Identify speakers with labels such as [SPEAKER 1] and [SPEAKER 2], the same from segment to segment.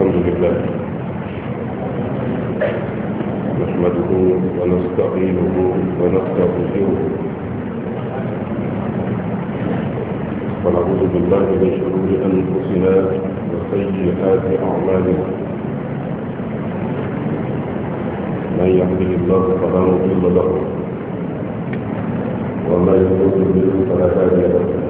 [SPEAKER 1] الحمد لله نحمده ونستعينه ونستغفره ونعوذ بالله من شرور انفسنا وسيئات اعمالنا من يهده الله فلا مضل له ومن يضلل فلا هادي له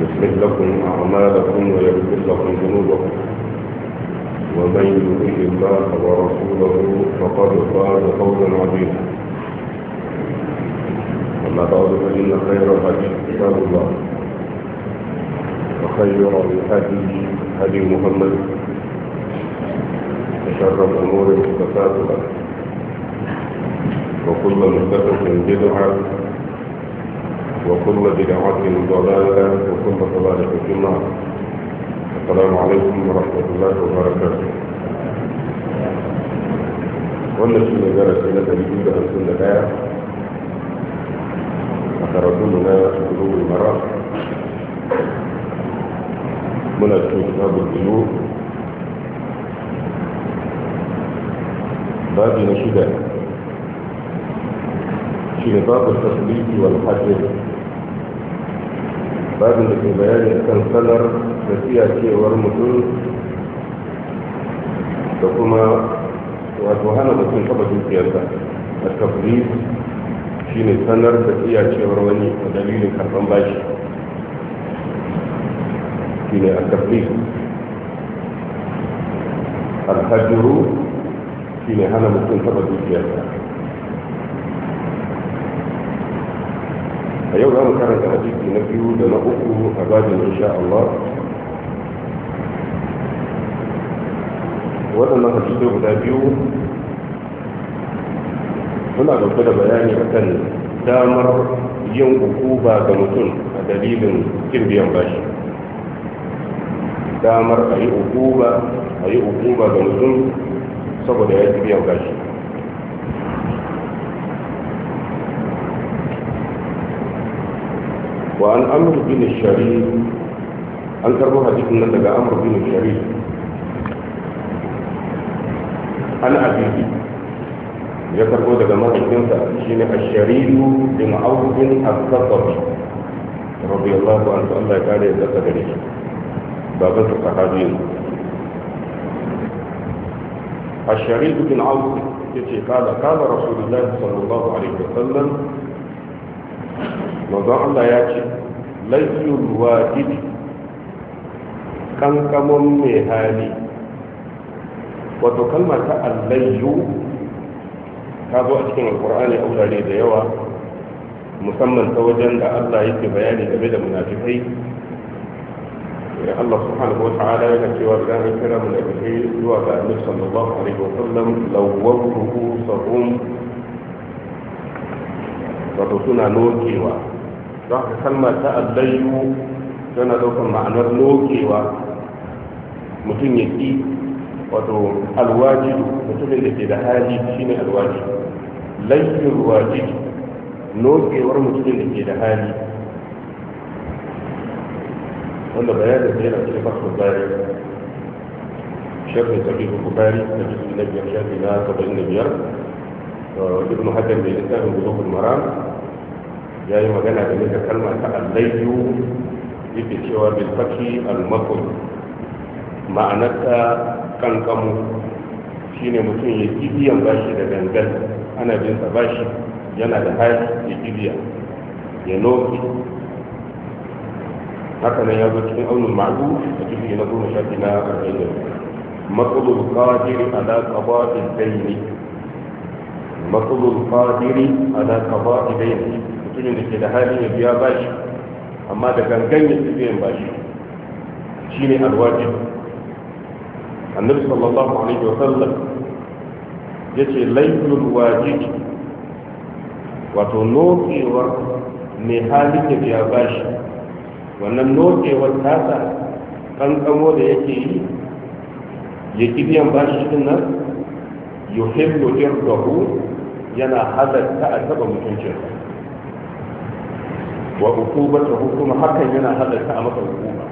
[SPEAKER 1] يصلح لكم أعمالكم ويغفر لكم ذنوبكم ومن يطيع الله ورسوله فقد فاز فوزا عظيما أما بعد فإن خير الهدي كتاب الله وخير الهدي هدي محمد وشر الأمور محدثاتها وكل محدثة بدعة وكل بدعه ضلاله وكل ضلاله في النار السلام عليكم ورحمه الله وبركاته قلنا في مجالس التي يجب ان كنا لها فتردوننا في قلوب المرء من كتاب الجنوب باب نشده في نطاق التصديق والحجر babin da ke bayani kan sanar da cewar mutum da kuma wato hana mutum taba dukiyarsa a tafri shi ne sanar da cewar wani a dalilin karfan bashi shi ne a tafri alhajiru shi ne hana mutum taba
[SPEAKER 2] dukiyarsa
[SPEAKER 1] a yau za mu karanta hadisi na biyu da na uku a babin insha Allah waɗannan hadisai guda biyu suna ɗauke da bayani akan damar yin hukuma ga mutum a dalilin kin biyan bashi damar a yi hukuma a yi hukuma ga mutum saboda ya biyan bashi وعن أمر بن الشريف أن تربو حديثنا لك أمر بن الشريف عن أبيبي يتربو لك ما تكنت الشريف بن عوف الخطبي رضي الله عنه الله تعالى يتقدر بابا الصحابين الشريف بن عوف قال قال رسول الله صلى الله عليه وسلم manzon Allah ya ce layyul wajidi kankamon mai hali wato kalma ta allayyu ta zo a cikin alkur'ani a wurare da yawa musamman ta wajen da Allah yake bayani game da munafikai ya Allah subhanahu wa ta'ala yana cewa idan an kira munafikai zuwa ga Annabi sallallahu alaihi wa sallam lawwatuhu sahum wato suna nokewa don ka kalma ta allayu tana ɗaukar ma'anar lokewa mutum ya ƙi wato alwajidu mutumin da ke da hali shi ne alwajidu laifin wajidu lokewar mutumin da ke da hali wanda bayanin da yana cikin fasul bari shafin sahihu bukari da jisu na biyar shafi na saba'in da biyar ibn hajar mai littafin gudun maram ya yi magana game da kalmar ta allayyu yake cewa bilfaki almakon ma'anarta kankamu ne mutum ya kibiyan bashi da gangan ana bin sa bashi yana da hali ya kibiya ya noki haka nan ya zo cikin aunin ma'adu a cikin na goma sha na arba'in da matsalul qadiri ala qada'il dayn a da ala qada'il dayn mutumin da ke da hali ya biya bashi amma da gangan ya fi biyan bashi shi ne alwaji annabi sallallahu alaihi wa sallam ya ce laifin waji wato nokewar mai halin ya biya bashi wannan nokewar tasa kankamo da yake yi ya ki biyan bashi din nan yuhibbu irdahu yana halatta a taba mutuncinsa wa hukumata hukuma hakan yana halarta a maka hukuma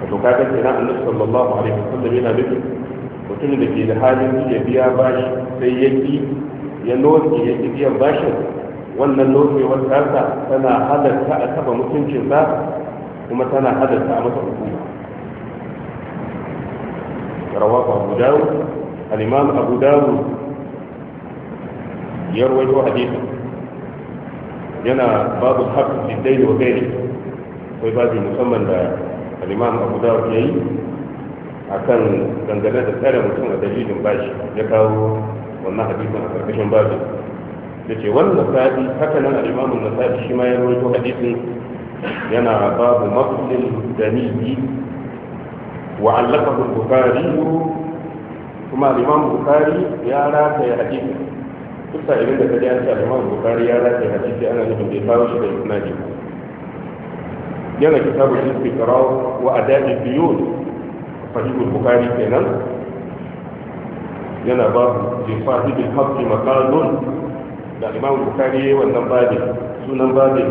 [SPEAKER 1] wato kaga kenan annabi sallallahu alaihi wasallam yana nufin mutum da ke da halin ya biya bashi sai ya ki ya noke ya ki biyan bashin wannan nokewar tasa tana halarta a taba mutuncinsa kuma tana halarta a masa hukuma رواه أبو داود الإمام أبو داود يروي حديثا yana babu haƙƙi dai da wadaini akwai babu musamman da al'imam abu dawud ya yi a kan dangane da tsare mutum a dalilin bashi ya kawo wannan hadisin a karkashin babu da ce wannan sa'i haka nan al'imamun na sa'i shi ma ya rawaito hadisin yana babu mafilin daniji wa allaka bukari kuma alimamun bukari ya rataya hadisin kusa irin da kaji an sa imam bukari ya rafe hadisi ana nufin ya kawo shi da isnadi yana kitabu istiqra wa biyu a sahihul bukari kenan yana babu bi sahibil hafi makalun da imam bukari ya yi wannan babi sunan babi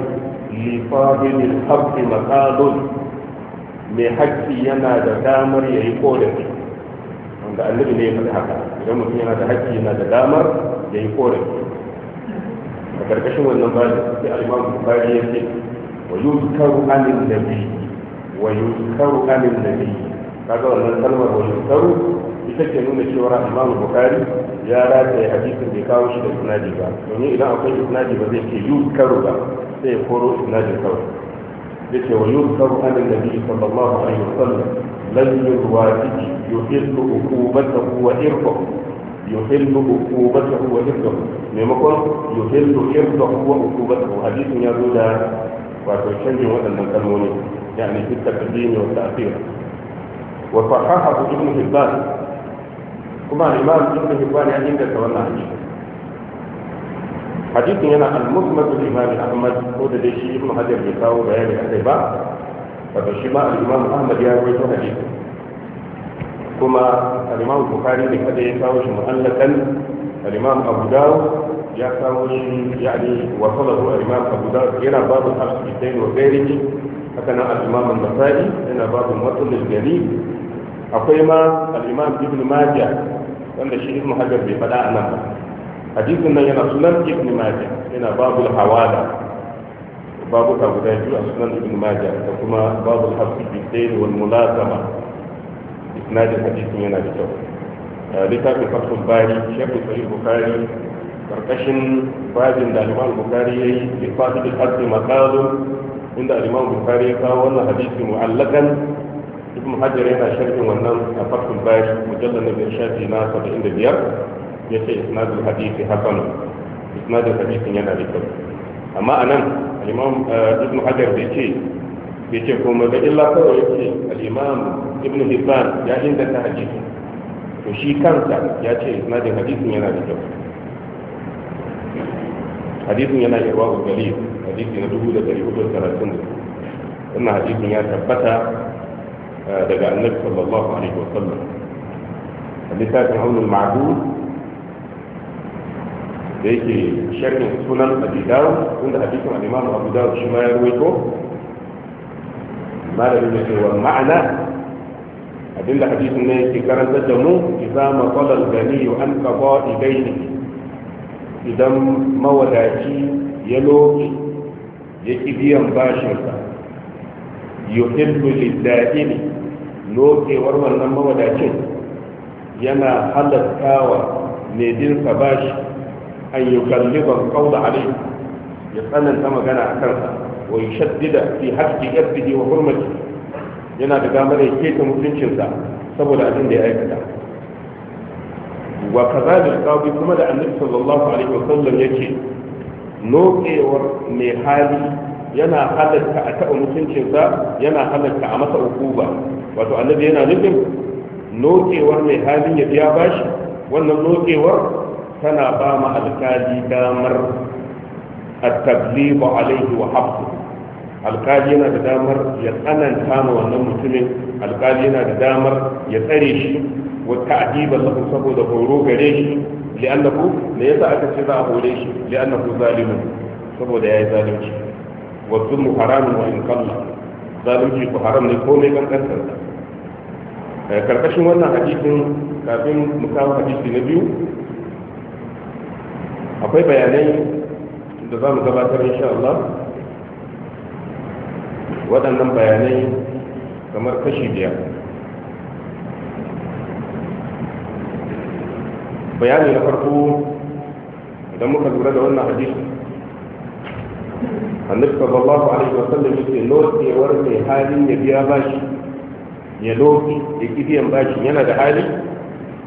[SPEAKER 1] li sahibil hafi makalun mai haƙƙi yana da damar ya yi korafi da annabi ne ya faɗi haka idan mutum yana da haƙƙi yana da damar ya yi korafi a ƙarƙashin wannan bayan sai al'imam bukari ya ce wa yuzkaru anin nabi wa da anin nabi kaga wannan kalmar wa karu ita ke nuna cewa al'imam bukari ya rataye hadisin bai kawo shi da sunadi ba domin idan akwai sunadi ba zai ce karu ba sai ya koro sunadin kawai ce wa yuzkaru anin nabi sallallahu alaihi wasallam لن يواجه يحل عقوبته وإرضه يحل عقوبته وإرضه ميمكن يحل إرضه وعقوبته حديث يقول وتشجع وأن الكلمون يعني في التقديم والتأخير وصححه ابن حبان كما الإمام ابن حبان يعني عند تولى حديث حديث هنا المسند الإمام أحمد هو ده شيء ابن حجر بيساوي بيان الأدباء wato shi ma al-imam ahmad ya rawaito hadisi kuma al-imam bukhari ne kada ya kawo shi mu'allakan al-imam abu dawud ya kawo shi yani wa salahu al-imam abu dawud yana babu al-hadithain wa ghairihi haka nan al-imam an-nasa'i yana babu matsul al-ghalib akwai ma al-imam ibn majah wanda shi ibn hajar bai faɗa anan ba hadisin nan yana sunan ibn majah yana babu al-hawala babuka guda biyu a sunan ibn majah da kuma babu hafi bidaini wal mulazama isnadin hadisin yana da kyau littafin fatul bari shekul sahih bukari karkashin babin da alimam bukari ya yi littafin da hafi makalun inda alimam bukari ya kawo wannan hadisi mu'allakan ibn hajar yana sharhin wannan a fatul bari mujallar na biyar shafi na saba'in da biyar ya ce isnadin hadisi hasanun isnadin hadisin yana da kyau amma a nan imam eh, ibn hajar bai ce bai ce ko ga illa kawai ya ce al'imam ibn hibban ya inganta hadisin to shi kansa ya ce isnadin hadisin yana da kyau hadisin yana yarwa ga gari hadisi na dubu da gari hudu talatin wannan hadisin ya tabbata eh, daga annabi sallallahu alaihi wasallam littafin haunin ma'adu da yake sharhin sunan abi dawud inda hadisin al-imam abu dawud shi ma ya ruwaito malami ne cewa ma'ana abinda hadisin ne yake karanta da mu idza ma gani al-ghani an qada idayni idan mawadaci ya loki ya ki biyan bashinsa yuhibbu lid ne, lokewar wannan mawadacin yana halattawa mai dinsa bashi an yukalliba qawla alayhi ya tsananta magana a kansa wa yashaddida fi haqqi irdihi wa hurmati yana da damar ya keta mutuncinsa saboda abin da ya aikata wa kazalil qadi kuma da annabi sallallahu alaihi wasallam ya ce, notsewar mai hali yana halatta a taɓa mutuncinsa yana halatta a masa ukuba wato annabi yana nufin notsewar mai halin ya biya bashi wannan notsewar tana ba ma alkali damar at-tablibu alaihi wa habsu alkali yana da damar ya tsananta ma wannan mutumin alkali yana da damar ya tsare shi wa ta'diba lahu saboda horo gare shi li'annahu ne yasa aka ce za a hore shi li'annahu zalimun saboda yayi zalunci wa zulmu haramun wa in qalla zalunci ko haram ne ko mai kankantar eh, karkashin wannan hadisin kafin mu kawo hadisi na biyu akwai bayanai da za mu gabatar insha Allah waɗannan bayanai kamar kashi biyar bayani na farko idan muka lura da wannan hadisi annabi sallallahu alaihi wa sallam yake lotsewar mai halin ya biya bashi ya lokaci ya ki biyan bashi yana da hali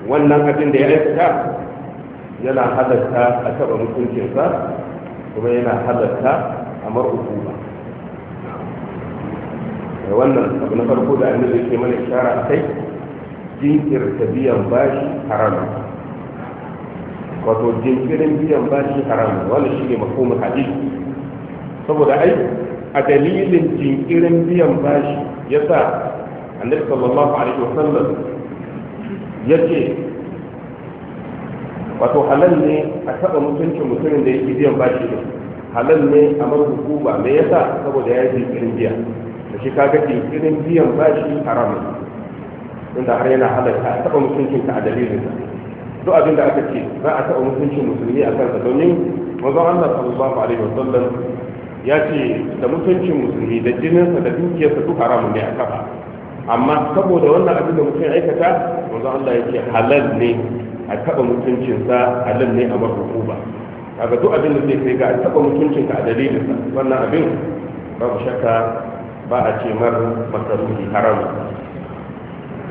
[SPEAKER 1] wannan abin da ya aikata yana halatta a taɓa mutuncinsa kuma yana halatta a mar'ukuma da wannan abu na farko da annabi ke mana ishara kai jinkirta biyan bashi haram wato jinkirin biyan bashi haram wannan shine makomin hadisi saboda ai a dalilin jinkirin biyan bashi ya yasa annabi sallallahu alaihi wasallam ce. wato halal ne a taɓa mutuncin mutumin da yake biyan bashi ne halal ne a mara hukuma me yasa saboda ya yi irin biya da shi kaga irin biyan bashi haramun inda har yana halarta a taɓa mutuncin ka a dalilin sa duk abin da aka ce za a taɓa mutuncin musulmi a kansa domin mazan Allah sallallahu alaihi wasallam ya ce da mutuncin musulmi da jininsa da dukiyarsa duk haramun ne a kafa amma saboda wannan abin da mutum ya aikata wanzu Allah yake halal ne a taɓa mutuncinsa nan ne a mahukuba kaga duk abin da zai kai ga a taɓa mutuncinka a dalilinsa wannan abin babu shakka ba a ce mar masarufi haramu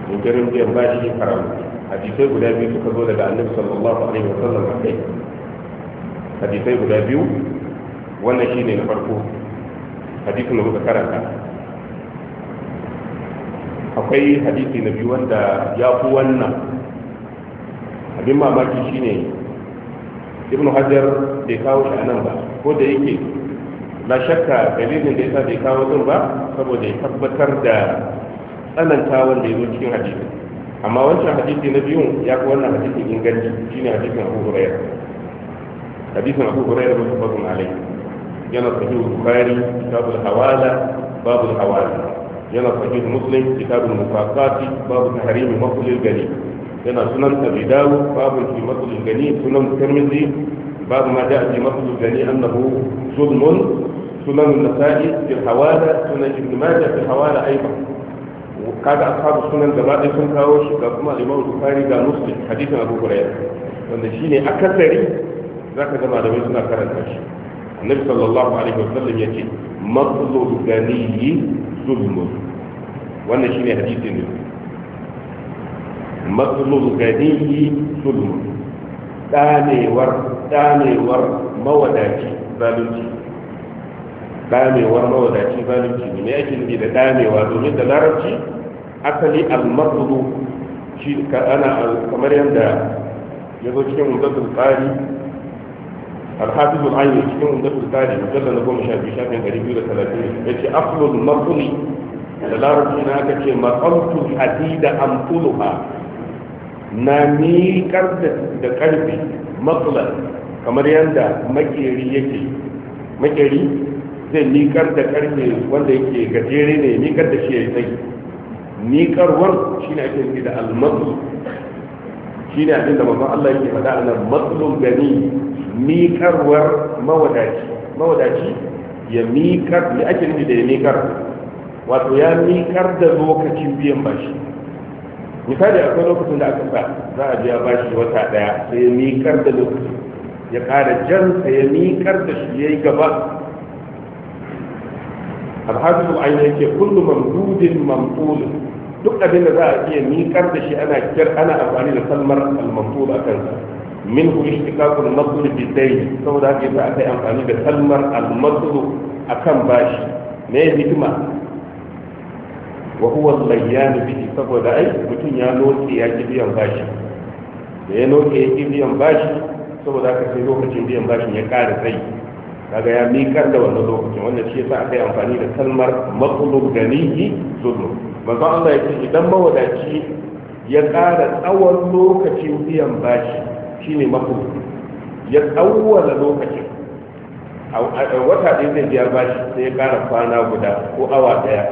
[SPEAKER 1] jinkirin biyan bashi haramu hadisai guda biyu suka zo daga annabi sallallahu alaihi wa sallam a kai hadisai guda biyu wannan shi ne na farko hadisun da muka karanta akwai hadisi na biyu wanda ya fi wannan abin mamaki shine ibn hajar bai kawo shi a nan ba ko da yake na shakka dalilin da yasa bai kawo din ba saboda ya tabbatar da tsananta wanda ya zo cikin hadisi amma wancan hadisi na biyun ya fi wannan hadisin inganci shine hadisin abu hurairah hadisin abu hurairah mutafakun alaihi yana sahih bukari kitabul hawala babul hawala yana sahih muslim kitabul mufaqati babu tahrimi maqlil gani yana sunan abi dawo babu fi matsalin gani sunan tirmidhi babu ma ja'a fi matsalin gani annahu zulmun sunan nasa'i fil hawala sunan ibn majah fil hawala aidan kaga ashabu sunan da ɗaya sun kawo shi ga kuma al-imam bukhari ga muslim hadisin abu hurairah wanda shine akasari zaka ga malamai suna karanta shi annabi sallallahu alaihi wasallam yace matlul ganiyyi zulmun wannan shine hadithin. ne matsalul ganiyi sulmu ɗanewar ɗanewar mawadaci zalunci ɗanewar mawadaci zalunci ne ne ake nufi da ɗanewa domin da larabci asali al-matsulu shi ka ana kamar yadda ya zo cikin umdatul tsari alhafizul ayyar cikin umdatul tsari mujallar na goma sha biyu shafin ɗari biyu da talatin ya ce aflul matsuli da larabci na aka ce matsaltul hadida amtuluha na miƙar da ƙarfi matsalar kamar yadda makeri yake makeri zai miƙar da ƙarfi wanda yake gajere ne miƙar da shi ya yi miƙarwar shi ne ake da almatsu shi ne abin da mazan Allah yake faɗa a nan matsalun gani miƙarwar mawadaci mawadaci ya miƙar da ake nufi da ya miƙar wato ya miƙar da lokacin biyan bashi misali akwai lokacin da aka sa za a biya bashi wata daya sai ya miƙar da lokacin ya ƙara jan sai ya miƙar da shi ya yi gaba alhazin ayin yake kullum mamdudin mamfulu duk abin da za a iya miƙar da shi ana kyar ana amfani da salmar almamful a kansa min ku ishtiqaqul masl bi dayn saboda haka yasa aka yi amfani da salmar a akan bashi me hikima wa huwa layyan bihi saboda ai mutum ya lotse ya ki biyan bashi da ya lotse ya ki biyan bashi saboda ka sai lokacin biyan bashin ya ƙara sai kaga ya miƙar da wannan lokacin wannan shi yasa aka yi amfani da kalmar matsulub ganihi zulum manzo Allah ya ce idan mawadaci ya ƙara tsawon lokacin biyan bashi shine matsulub ya tsawwala lokacin a wata ɗaya zai biyar bashi sai ya ƙara kwana guda ko awa ɗaya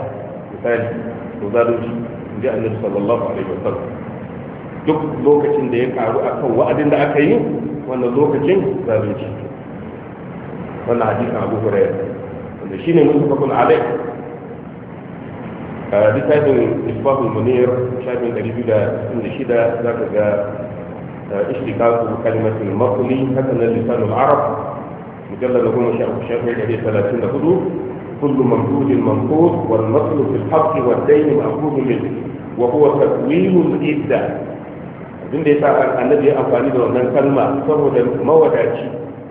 [SPEAKER 1] misali to zalunci in ji annabi sallallahu alaihi wasallam duk lokacin da ya karu akan wa'adin da aka yi wannan lokacin zalunci wannan hadisin abu hurairah wanda shine mutafakun alai a littafin isbahul munir shafin 266 za ka ga اشتقاق كلمة المصري حسن لسان العرب مجلد 10 شافعي 34 كل مردود منقوص والنصر في الحق والدين مأخوذ منه وهو تطويل العدة abin da ya sa annabi ya amfani da wannan kalma saboda mawadaci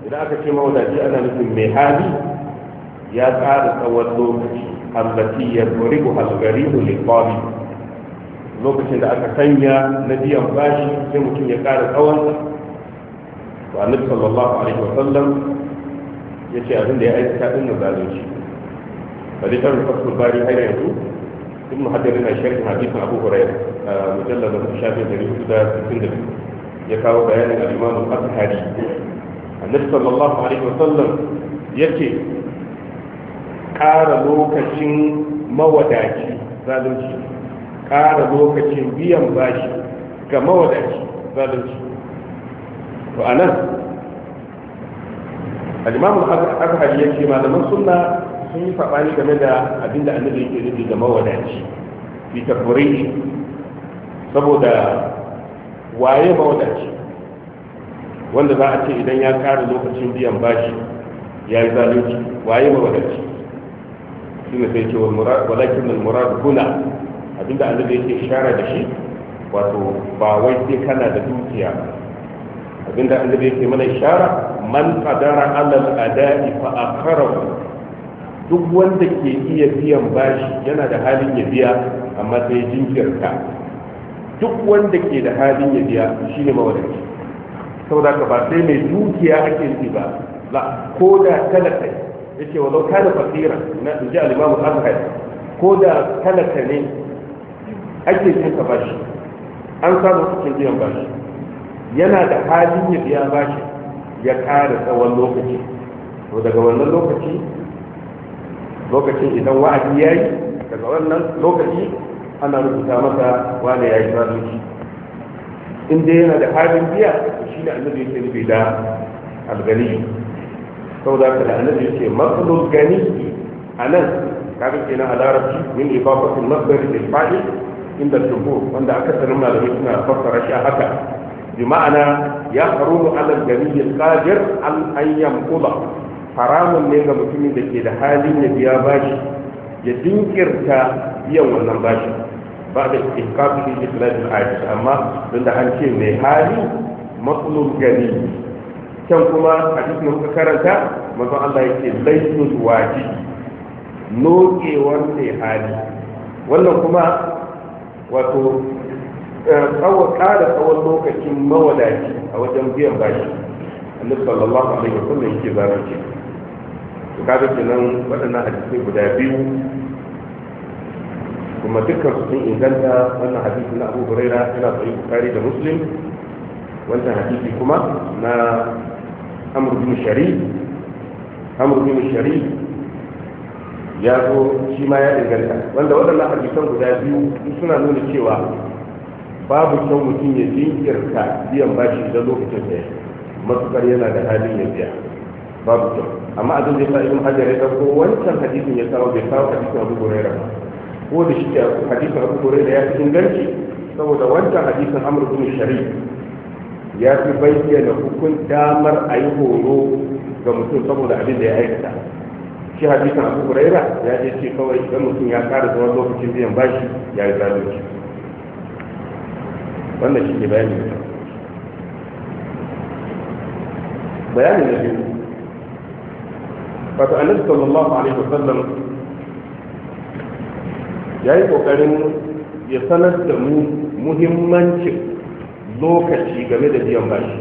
[SPEAKER 1] idan aka ce mawadaci ana nufin mai hali ya tsara tsawon lokaci allati ya tsori ku halgari ku liqabi lokacin da aka kanya na biyan bashi sai mutum ya ƙara tsawon to annabi sallallahu alaihi sallam ya ce abin da ya aikata din na zalunci فليتم فتح الباري هاي يدو ثم حجر لنا الشيخ حديث أبو هريرة آه، مجلد أبو الشافعي من يهودا في سندل يكاو بيان الإمام الأزهري النبي صلى الله عليه وسلم يكي قال لوكشن موداجي زالوجي قال لوكشن بيام باجي كموداجي زالوجي وأنا الإمام الأزهري يكي ما لمن سنة sun yi saɓani game da abin da annabi yake nufi da mawadaci fi tafuri saboda waye mawadaci wanda za a ce idan ya kare lokacin biyan bashi ya yi zalunci waye mawadaci shi ne sai ce walakin al-murad huna abinda annabi yake shara da shi wato ba wai sai kana da dukiya abinda annabi yake mana shara, man qadara ala al-ada'i fa akharahu duk wanda ke iya biyan bashi yana da halin ya biya a matsayin jinkirta duk wanda ke da halin ya biya shine mawadaci Sau da ba sai mai dukiya ake yi ba la ko da talaka wa walau da fasira na ji alimamu imamu ko da talaka ne ake cin ka bashi an samu cikin biyan bashi yana da halin ya biya bashi ya kare tsawon lokaci to daga wannan lokaci lokacin idan wa'adi ya yi daga wannan lokaci ana rubuta masa wane ya yi zalunci inda yana da halin biya to shi ne annabi yake nufi da algani da aka da annabi yake gani a nan kafin kenan a larabci min ibafatul masdar da fa'i inda tuhu wanda aka sanin malamai suna fassara shi a haka bi ma'ana ya faru da al-gani al-qadir an haramun ne ga mutumin da ke da halin ya biya bashi ya dinkirta biyan wannan bashi ba da ikafin islamin aisha amma don da an ce mai hali matsalol gani can kuma a cikin muka karanta mazu allah ya ce laifin waji nokewar mai hali wannan kuma wato eh, tsawon ƙara tsawon lokacin mawadaci a wajen biyan bashi annabi sallallahu alaihi wasallam yake zalunci to kaga kenan waɗannan hadisai guda biyu kuma dukkan su sun inganta wannan hadisi na Abu Huraira yana sahih bukari da Muslim wannan hadisi kuma na Amr bin Sharif Amr bin ya zo shi ma ya inganta wanda waɗannan hadisan guda biyu suna nuna cewa babu kyau mutum ya jinkirta biyan bashi da lokacin da ya matukar yana da halin ya biya babu kyau amma abin da yasa ibn hajar ya dauko wancan hadisin ya samu bai kawo hadisin abu hurairah ko da shi hadisin abu hurairah ya fi inganci saboda wancan hadisin amr bin sharif ya fi bayyana hukun damar a yi horo ga mutum saboda abin da ya aikata shi hadisin abu huraira ya je ce kawai idan mutum ya kara zama lokacin biyan bashi ya yi zalunci wannan shi ne bayani bayani na biyu wato annabi sallallahu alaihi wasallam ya yi kokarin ya sanar da mu muhimmancin lokaci game da biyan bashi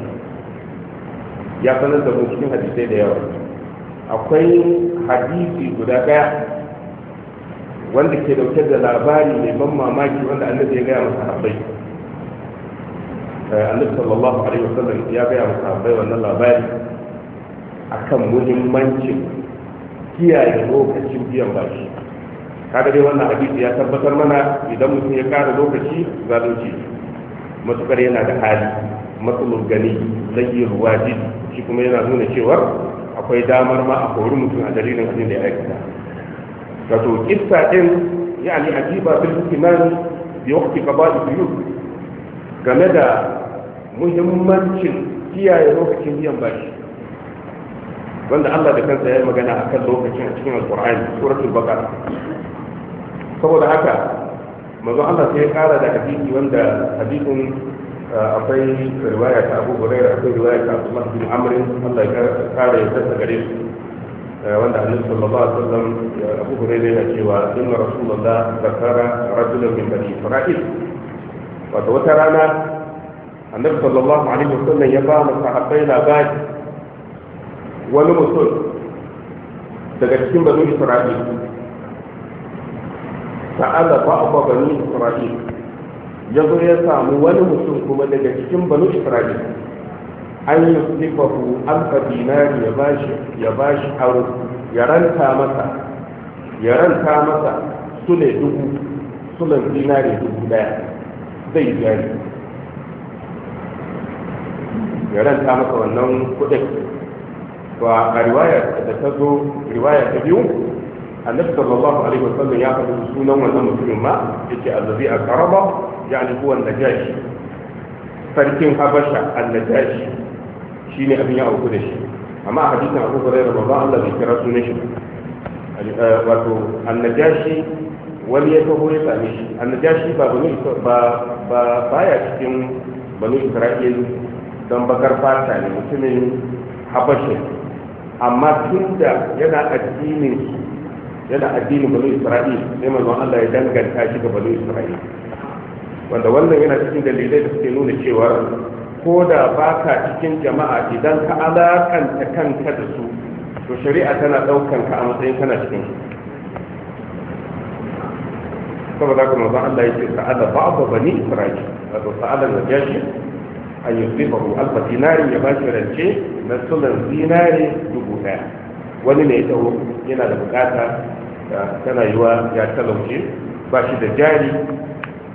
[SPEAKER 1] ya sanar da mu cikin hadisai da yawa akwai hadisi guda daya wanda ke dauke da labari mai ban mamaki wanda annabi ya gaya masa habbai eh, annabi sallallahu alaihi wasallam ya gaya masa habbai wannan labari akan muhimmancin kiyaye lokacin biyan bashi kada dai wannan hadisi ya tabbatar mana idan mutum ya kare lokaci zalunci matukar yana da hali matsalar gani sayyir ruwaji shi kuma yana nuna cewar akwai damar ma a kori mutum a dalilin abin da ya aikata wato kissa din yani ajiba bil iman bi waqti qada'i duyub game da muhimmancin kiyaye lokacin biyan bashi wanda Allah da kansa ya yi magana a kan lokacin a cikin alkur'ani suratul baqara saboda haka manzo Allah sai ya ƙara da hadisi wanda hadisin uh, akwai riwaya ta Abu Hurairah akwai riwaya ta Umar, bin Amr Allah ya kara ya tsaka gare su uh, wanda Annabi sallallahu alaihi wasallam uh, Abu Hurairah yana cewa inna Rasulullah zakara rajulan min bani Isra'il wato wata rana Annabi sallallahu alaihi wasallam ya ba mu sahabbai labari wani mutum daga cikin banu isra'il sa'ala ba'da banu isra'il ya zo ya samu wani mutum kuma daga cikin banu isra'il an yi sifahu alfa dinari ya bashi ya bashi aro ya ranta masa ya ranta masa ne dubu ne dinari dubu daya zai jari ya ranta masa wannan kudin to a riwaya da ta zo riwaya ta biyu annabi sallallahu alaihi wasallam ya faɗi sunan wannan mutumin ma yace allazi yani huwa najashi sarkin habasha annajashi shine abin ya auku da shi amma a hadisin Abu Hurairah ba Allah bai kira sunan shi eh, wato annajashi wani ya taho ya shi annajashi ba bani ba ba baya cikin bani Isra'il dan bakar fata ne mutumin habasha amma tun da yana addinin yana addinin banu isra'il sai manzo Allah ya danganta shi ga banu isra'il wanda wannan yana cikin dalilai da suke nuna cewa ko da baka cikin jama'a idan ka alakanta kanka da su to shari'a tana daukan ka a matsayin kana cikin saboda haka manzo Allah ya ce sa'ada ba'da bani isra'il wato sa'ada jashi أن يصرفه ألف دينار يباشر الشيء مثل الدينار جبهة ولم يتوقع هنا لبقاتا كان يوا يعتلم شيء باشي دجاري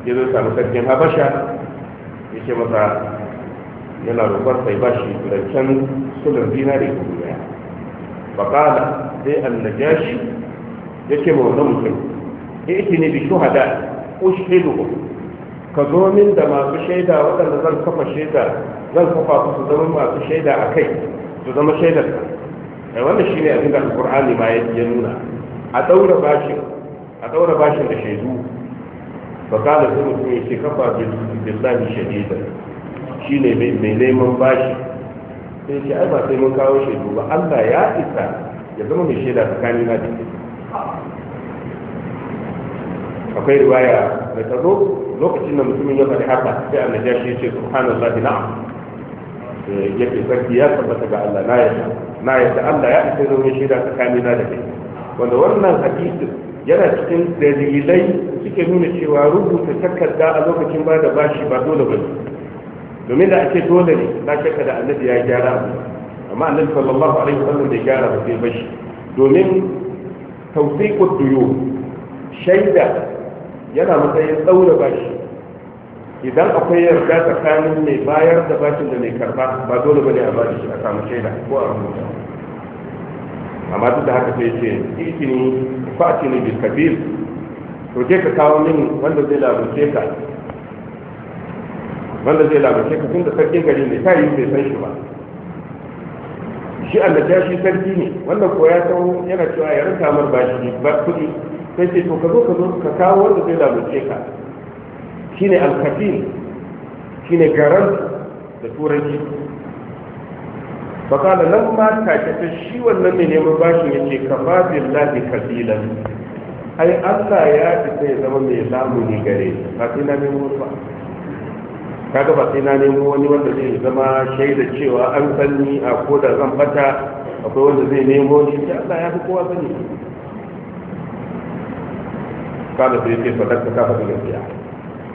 [SPEAKER 1] يدو سانو كتجن هبشا يشي مطا هنا ربار سيباشي كلاشن إيه إيه مثل ka zo min da masu shaida waɗanda zan kafa shaida zan kafa su su zama masu shaida a kai su zama shaidar ka eh, wannan shine abin da alqur'ani ma ya nuna a daura bashin a daura bashin da shaidu fa kada su mutum ya ce kafa billahi shahida shine mai neman bashi sai ce ai ba sai mun kawo shaidu ba Allah ya isa ya zama mai shaida tsakanin na da akwai riwaya mai tsaro lokacin da mutumin ya faɗi haka sai an najashi ya ce subhanallahi na'am yake sarki ya tabbata ga Allah na yadda na yadda Allah ya isa zama shaida tsakani na da kai wanda wannan hadisi yana cikin dalilai suke nuna cewa rubuta takarda a lokacin ba da bashi ba dole ba domin da ake dole ne na shakka da annabi ya gyara abu amma annabi sallallahu alaihi wasallam da gyara ba sai bashi domin tawfiqud duyu shaida yana matsayin daura bashi idan akwai yarda tsakanin mai bayar da bashin da mai karba ba dole bane a bashi shi a samu shaida ko a rubuta amma duk da haka sai ce ikini ne bil kabir to je ka kawo min wanda zai labarce ka wanda zai labarce ka tun da sarkin gari ne ta bai san shi ba shi Allah ja shi sarki ne wanda ko ya san yana cewa ya rinka mar bashi ba kuɗi sai ce to ka zo ka zo ka kawo wanda zai lamunce ka shine alkafin shine garan da turanci fakala nan ma take ta shi wannan ne neman bashin ce, ka fa billahi kabilan ai Allah ya isa ya zama mai lamuni gare ba sai na nemo ba kaga ba sai na nemo wani wanda zai zama shaida cewa an sanni a ko zan bata akwai wanda zai nemo ni sai Allah ya fi kowa sani kana sai ce dakka ka faɗi gaskiya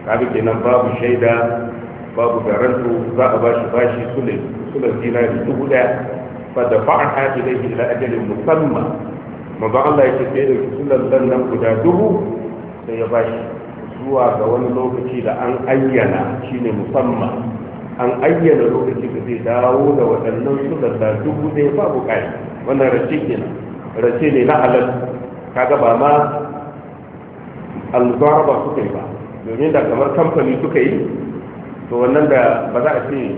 [SPEAKER 1] kaga kenan babu shaida babu garanto za a bashi bashi kule sulai dinari dubu ɗaya. fa da fa'aha ilayhi ila ajalin musamma manzo Allah yake sai da sulan dan nan guda dubu sai ya bashi zuwa ga wani lokaci da an ayyana shine musamman an ayyana lokaci da zai dawo da waɗannan sulan da dubu ɗaya babu kai wannan race kenan race ne na halal kaga ba ma al ba suka yi ba domin da kamar kamfani suka yi to wannan da ba za a ce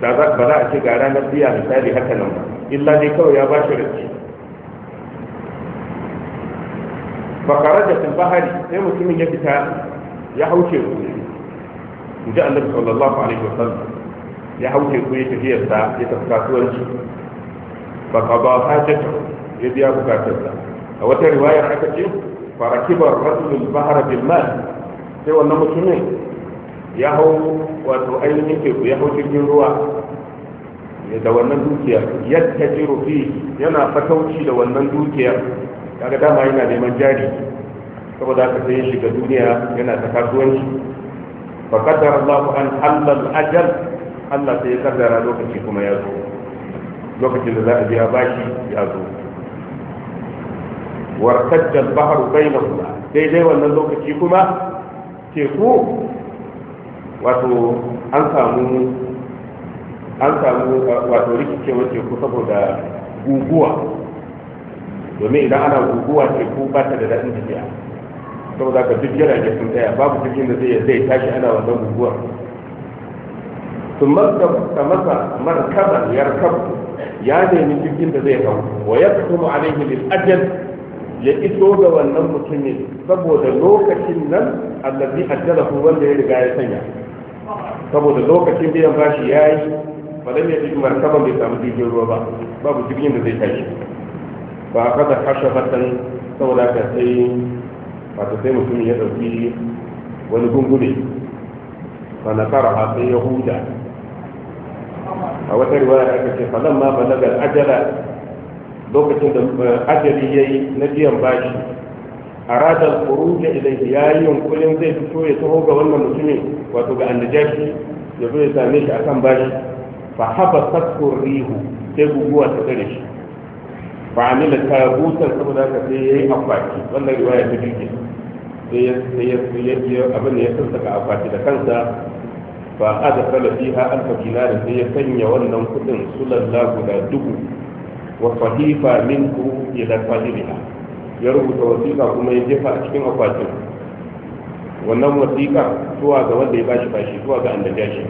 [SPEAKER 1] ba za a ce ga ranar biya misali haka nan ba illa dai kawai ya ba shi rance bakara da bahari sai mutumin ya fita ya hauce ku in ji annabi sallallahu alaihi wa sallam ya hauce ku ya tafiyarsa ya tafi kasuwanci ba ka ba hajjata ya biya bukatarsa a wata riwaya aka ce farakibar rasulun bahar bil mal sai wannan mutumin ya hau wato ainihin teku ya hau jirgin ruwa da wannan dukiyar yadda ji rufi yana fatauci da wannan dukiyar kaga dama yana neman jari saboda aka sai shiga duniya yana ta kasuwanci fa qaddara Allah an halal ajal Allah sai ya kaddara lokaci kuma ya zo lokacin da za a biya bashi ya zo wartadda bai bahru bainahuma daidai wannan lokaci kuma teku wato an samu an samu uh, wato rikicewar teku saboda guguwa domin idan ana guguwa teku ba ta da daɗin jiya saboda ka duk da sun tsaya babu jirgin da zai zai tashi ana wannan guguwar ثم تمسى مركبا يركب يعني من جد الذي يهو alaihi عليه ajal ya iso ga wannan mutumin saboda lokacin nan allazi ajjalahu wanda ya riga ya sanya saboda lokacin biyan bashi ya yi ba dan ya ji markaban bai samu jirgin ruwa ba babu jirgin da zai tashi ba a kada kashe batan saboda ka sai wato sai mutumin ya ɗauki wani gungume fa na fara sai ya huda
[SPEAKER 2] a wata riwaya
[SPEAKER 1] aka ce fa lamma balagal ajala lokacin da eh, ajali yi na biyan bashi arada al idan ya yi yunkurin zai fito ya taho ga wannan mutumin wato ga annajashi ya zo ya same shi a kan bashi fa habasat rihu sai guguwa ta tsare shi fa amila tabutan saboda haka sai ya yi akwati wannan riwaya ta duke sai ya sai ya abin ya akwati da kansa fa adkhala fiha alfa da sai ya sanya wannan kudin sulalla guda dubu wa sahifa minku ila fadiliha ya rubuta wasiƙa kuma ya jefa a cikin akwatin wannan wasiƙa zuwa ga wanda ya bashi bashi zuwa ga shi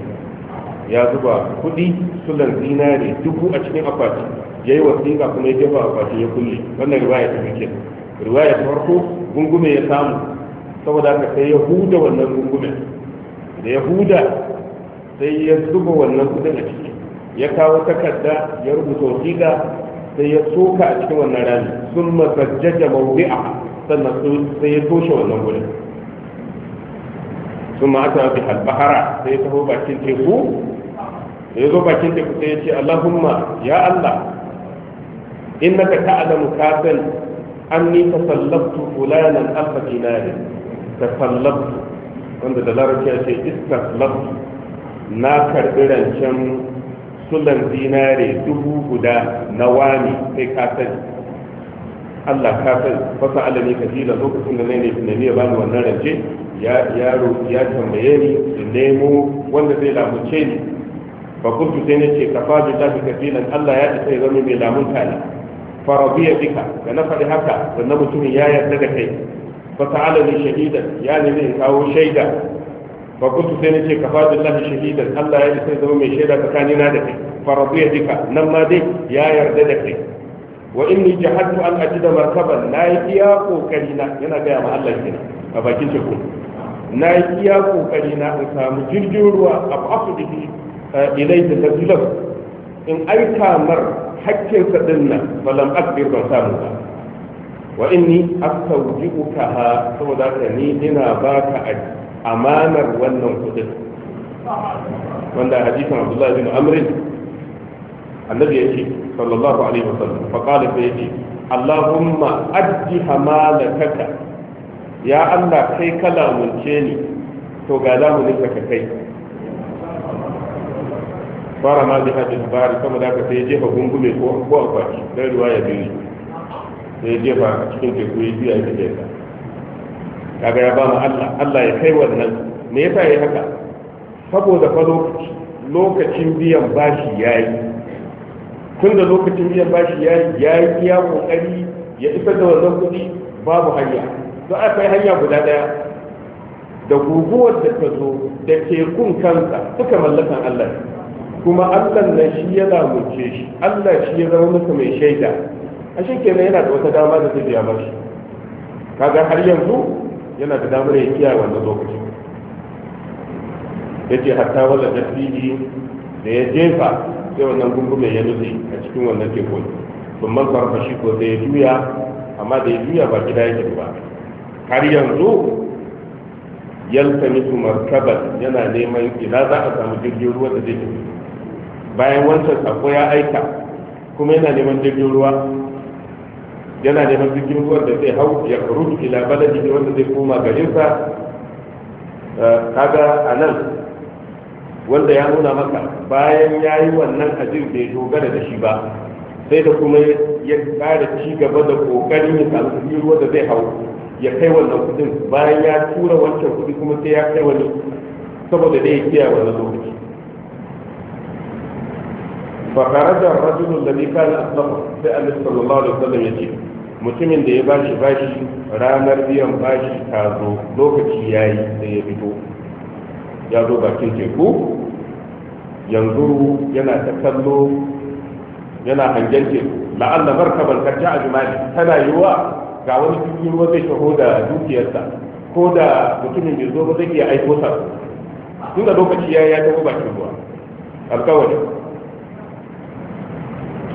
[SPEAKER 1] ya zuba kudi sulan zinare duku a cikin akwatin ya yi wasiƙa kuma ya jefa akwatin ya kulle wannan riwaya ta bikin riwaya ta farko gungume ya samu saboda haka sai ya huda wannan gungumen da ya huda sai ya zuba wannan kudin a ciki ya kawo takarda ya rubuta wasiƙa sai ya soka a cikin wannan rami sun masajjaja mawdi'a sannan sai ya toshe wannan gurin sun ma ata bi halbahara sai ya taho bakin teku Sai ya zo bakin teku sai ya ce Allahumma ya Allah innaka ta'lamu ka san anni tasallabtu fulanan alfa dinari tasallabtu wanda da larabci ya ce istaslabtu na karbi rancen sulan zinare dubu guda na wani sai ka Allah ka sani fasa alami kabila lokacin da nai ne tunani ya bani wannan rance ya yaro ya tambaye ni da nemo wanda zai lamunce ni fa kuntu sai nace ka fa bi ta kabilan Allah ya isa ya zama mai lamunta ne fa ya bika da na faɗi haka da na mutumin ya yarda da kai fasa alami shahidan ya nemi in kawo shaida fa kuntu sai nace ka fadin lahi shahidan Allah ya isa zama mai shaida tsakanina da kai fa radiya bika nan ma dai ya yarda da kai wa inni jahadtu an ajida markaban na yi iya kokari na yana gaya ma Allah kenan a bakin teku na yi iya kokari na in samu jirgin ruwa a afu da shi eh, ilai da tazilan in aika mar hakkin sa din nan falam akbir ban samu ba wa inni astawji'uka saboda ka ni ina baka aji amanar wannan kudin wanda hadisin abdullahi bin amri annabi yake sallallahu alaihi wasallam fa qala fa yake allahumma addi hamalaka ya allah kai kala munce ni to ga lamunin ka kai fara ma bi hadin bari kuma da ka sai jefa gungume ko ko akwati dai ruwaya biyu sai jefa cikin teku ya biya ki da kaga ya ba mu Allah Allah ya kai wannan me yasa yayi haka saboda fa lokacin biyan bashi yayi tun da lokacin biyan bashi yayi yayi iya kokari ya isa da wannan kuɗi babu hanya a kai hanya guda daya da guguwar da ta zo da tekun kansa suka mallakan Allah kuma Allah na shi ya lamunce shi Allah shi ya zama masa mai shaida a shi kenan yana da wata dama da ta biya bashi kaga har yanzu yana da damar ya kiyaye wannan lokaci ya ce hatta da fiye da ya jefa sai wannan gungume ya nufi a cikin wannan tekun sun man sarfa shi ko sai ya juya amma da ya juya ba gida ya ba har yanzu yaltamisu markabar yana neman ina za a samu jirgin ruwa da zai bayan wancan sako ya aika kuma yana neman jirgin ruwa yana neman jirgin ruwan da zai hau ya rufe ila baladi wanda zai koma garinsa eh, kaga a nan wanda ya nuna maka bayan ya yi wannan ajin bai dogara da shi ba sai da kuma ya ƙara ci gaba da ƙoƙarin ya samu jirgin ruwan da zai hau ya kai wannan kuɗin bayan ya tura wancan kuɗi kuma sai ya kai wani saboda dai ya kiyaye wannan lokaci فخرج الرجل الذي كان أصلحه سأل صلى الله عليه وسلم يجيب mutumin da ya bashi bashi ranar biyan bashi ta zo lokaci ya yi da ya fito ya zo bakin teku yanzu yana ta kallo yana hangen teku la'alla markaban karja a jimali tana yiwuwa ga wani cikin ruwa zai shaho da dukiyarsa ko da mutumin bai zo ba zai iya aiko sa tun da lokaci ya yi ya taho bakin ruwa alkawari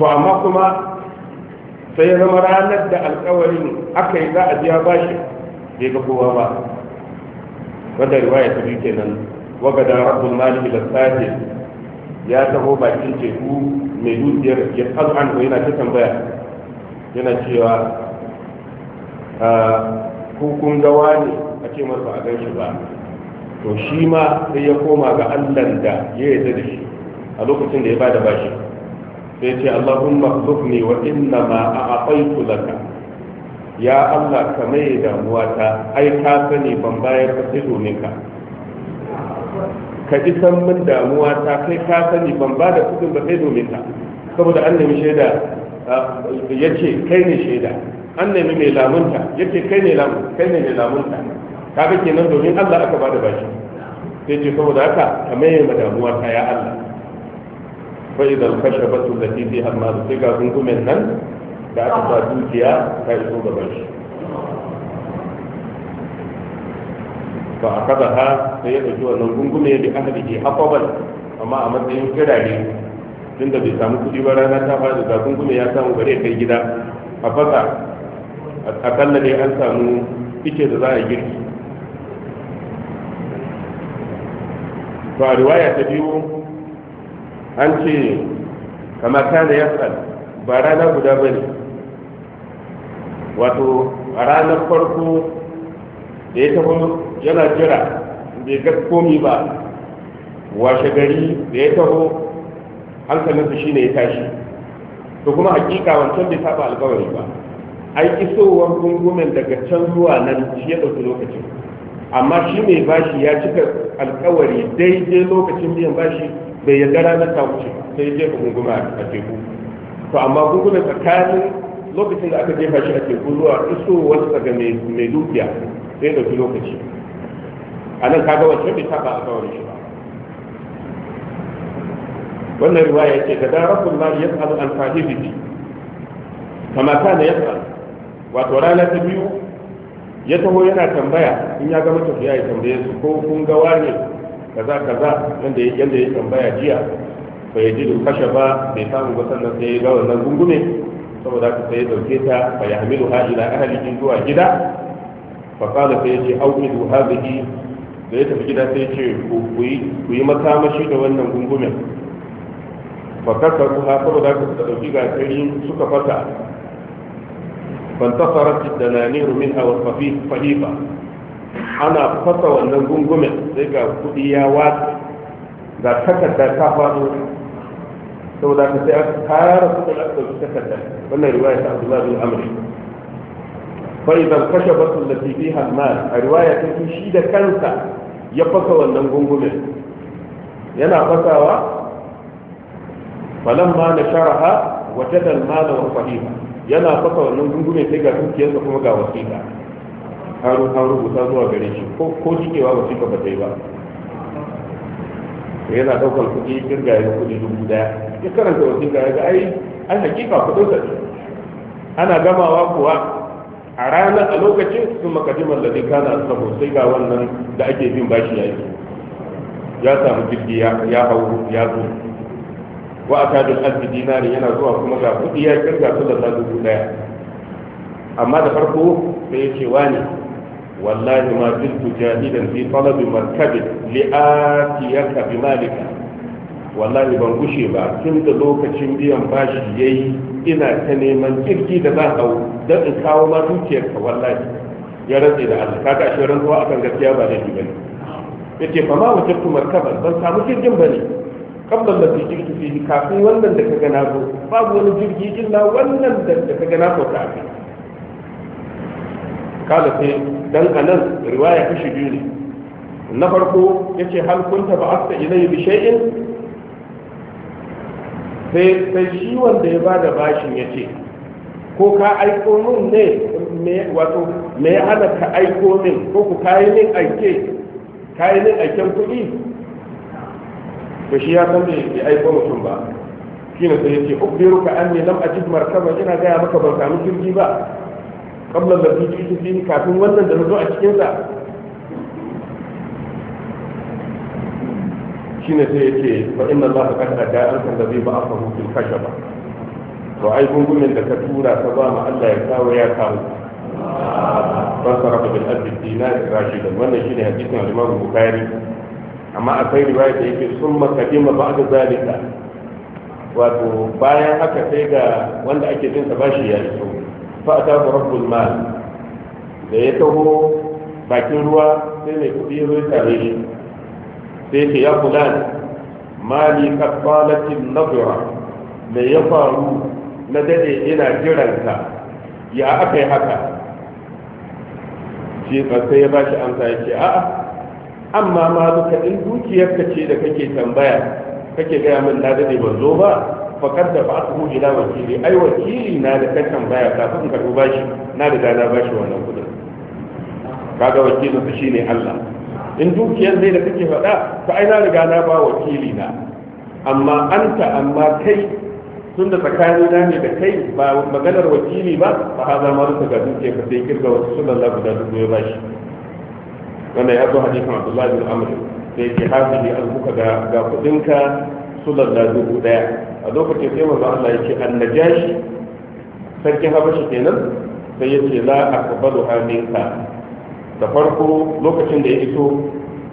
[SPEAKER 1] to amma kuma sai ya zama ranar da alkawarin aka yi za a biya bashi bai ga kowa ba wanda riwaya ta biyu kenan waga da rabbul mali ila ya taho bakin teku mai dukiyar ya tsazo an yana ta tambaya yana cewa ah, ko kun gawa ne a ce masa a gan ba to shi ma sai ya koma ga allah da ya yarda da shi a lokacin da ya bada bashi sai ce Allahumma khufni wa inna ma a'taitu laka ya Allah ka mai damuwa ta ai ka sani ban bayar ka sai domin ka ka ji san min damuwa ta kai ka sani ban ba da kudin ba sai domin ka saboda an nemi shaida yace kai ne shaida an nemi mai lamunta ya ce kai ne lamun kai ne mai lamunta kaga kenan domin Allah aka bada bashi sai ce saboda haka ka mai ma damuwa ta ya Allah فإذا الخشبة التي فيها ما تلقى كنت منها da aka sa dukiya ta iso gaban جوة ba a kaza ha sai ya ɗauki wannan da amma a matsayin kirare bai samu kuɗi ba rana ta faɗi da gungume ya samu bare kai gida a fasa dai an samu ice da za a girki to a riwaya ta biyu an ce ta da yasal ba rana guda bane wato a ranar farko da ya taho yana jira bai ga komi ba washe gari da ya taho hankalinsa shine ya tashi to kuma hakika wancan bai saba alkawari ba ai isowar gungumen daga can zuwa nan shi ya ɗauki lokacin amma shi mai bashi ya cika alkawari daidai lokacin biyan bashi bai yadda ranar ta wuce sai ya jefa gunguma a teku to amma gunguma tsakanin lokacin da aka jefa shi a teku zuwa wasu tsaga mai dukiya sai ya ɗauki lokaci a nan kaga wancan bai taba a kawar shi ba wannan riwaya ce da darabul mali yas'alu an sahibihi kama ya yas'al wato rana ta biyu ya taho yana tambaya in ya ga matafiya ya tambaye su ko kun ga wane kaza kaza yanda yanda ya tambaya jiya bai ji da kashe ba bai samu ba sannan sai ya ga wannan gungume saboda haka sai ya dauke ta fa yahmilu ha ila ahlihi zuwa gida fa qala sai ya ce awqidu hadhihi da ya tafi gida sai ya ce ku yi makamashi da wannan gungumen fa ku ha saboda haka suka dauki gasari suka fasa فانتصرت الدنانير منها والخفيف fahifa ana fasa wannan gungumen sai ga kuɗi ya wata ga takarda ta faɗo saboda ka sai aka tara da aka ɗauki takarda wannan riwaya ta abdullahi bin amri bai zan kashe basu da fi hannar a riwaya ta shi da kansa ya fasa wannan gungumen yana fasawa ma na sharaha wajadal da wani fahimta yana fasa wannan gungumen sai ga dukiyarsa kuma ga wasiƙa ta rubuta zuwa gare shi ko cikewa ba cika ba ta yi ba to yana daukar kuɗi kirga ya kuɗi dubu daya ya karanta wasu ga ga ai an hakika kuɗin shi. ana gamawa kuwa a ranar a lokacin sun makadimar da dai kana sabo sai ga wannan da ake bin bashi ya yi ya samu jirgi ya hau ya zo wa a tajin arziki dinari yana zuwa kuma ga kuɗi ya kirga su da dubu daya amma da farko sai ya ce wani wallahi ma kuntu jahidan fi talab markabi li atiyaka bi malika wallahi ban gushe ba tun da lokacin biyan bashi yayi ina ta neman kirki da zan hau dan in kawo ma dukiyarka wallahi ya rantse da Allah kaga ashe rantsuwa akan gaskiya ba da bane yace fa ma wajadtu markaban ban samu kirkin bane kablan da jirgi fi kafin wannan da kaga babu wani jirgi illa wannan da a kala sai dan anan riwaya kashi biyu ne na farko yace hal kunta ba'atha ilayhi bi shay'in sai sai shi wanda ya bada bashin yace ko ka aiko min ne wato me ya hana ka aiko min ko ku kayi min aike kayi min aiken kuɗi Ba shi ya san bai aiko mutum ba shine sai yace ukbiruka anni lam ajid markaba ina ga maka ban samu jirgi ba qabla allazi jitu fihi kafin wannan da zo a cikinsa. sa shine sai ya yace fa inna allaha qad adaa anka allazi ba'athahu fil ba to ai gungumin da ka tura ta ba mu Allah ya kawo ya kawo
[SPEAKER 2] bin
[SPEAKER 1] fasara bil abd dinar rashid wannan shine hadisin al-Imam Bukhari amma akwai riwaya da yake summa kadima ba'da zalika wato bayan haka sai ga wanda ake jin ba shi ya yi iso fa ta rabbul mal da ya taho bakin ruwa sai mai kudi ya zai tare shi sai ke ya ne. mali kad qalatin nadra me ya faru na dade ina jiranka ya aka yi haka shi sai ya bashi amsa ya ce a'a amma ma duka in dukiyarka ce da kake tambaya kake gaya min na dade ban zo ba fakar da ba su ila wakili ai wakili na da kakan baya kafin ka duba shi na da dala ba shi wannan kudin kaga wakili su shine Allah in dukiyar zai da kake faɗa ta ai na riga na ba wakili na amma anta amma kai tun da tsakani na ne da kai ba maganar wakili ba ba haza zama rusa ga dukiyar ka sai kirga wasu sunan lafi da dubu ya bashi wannan ya zo hadisin Abdullahi bin Amr sai ke hafi ne albuka ga kudinka sunan da dubu daya a lokacin sai manzo Allah ya ce najashi sarki habashi kenan sai ya ce la aqbalu aminka da farko lokacin da ya iso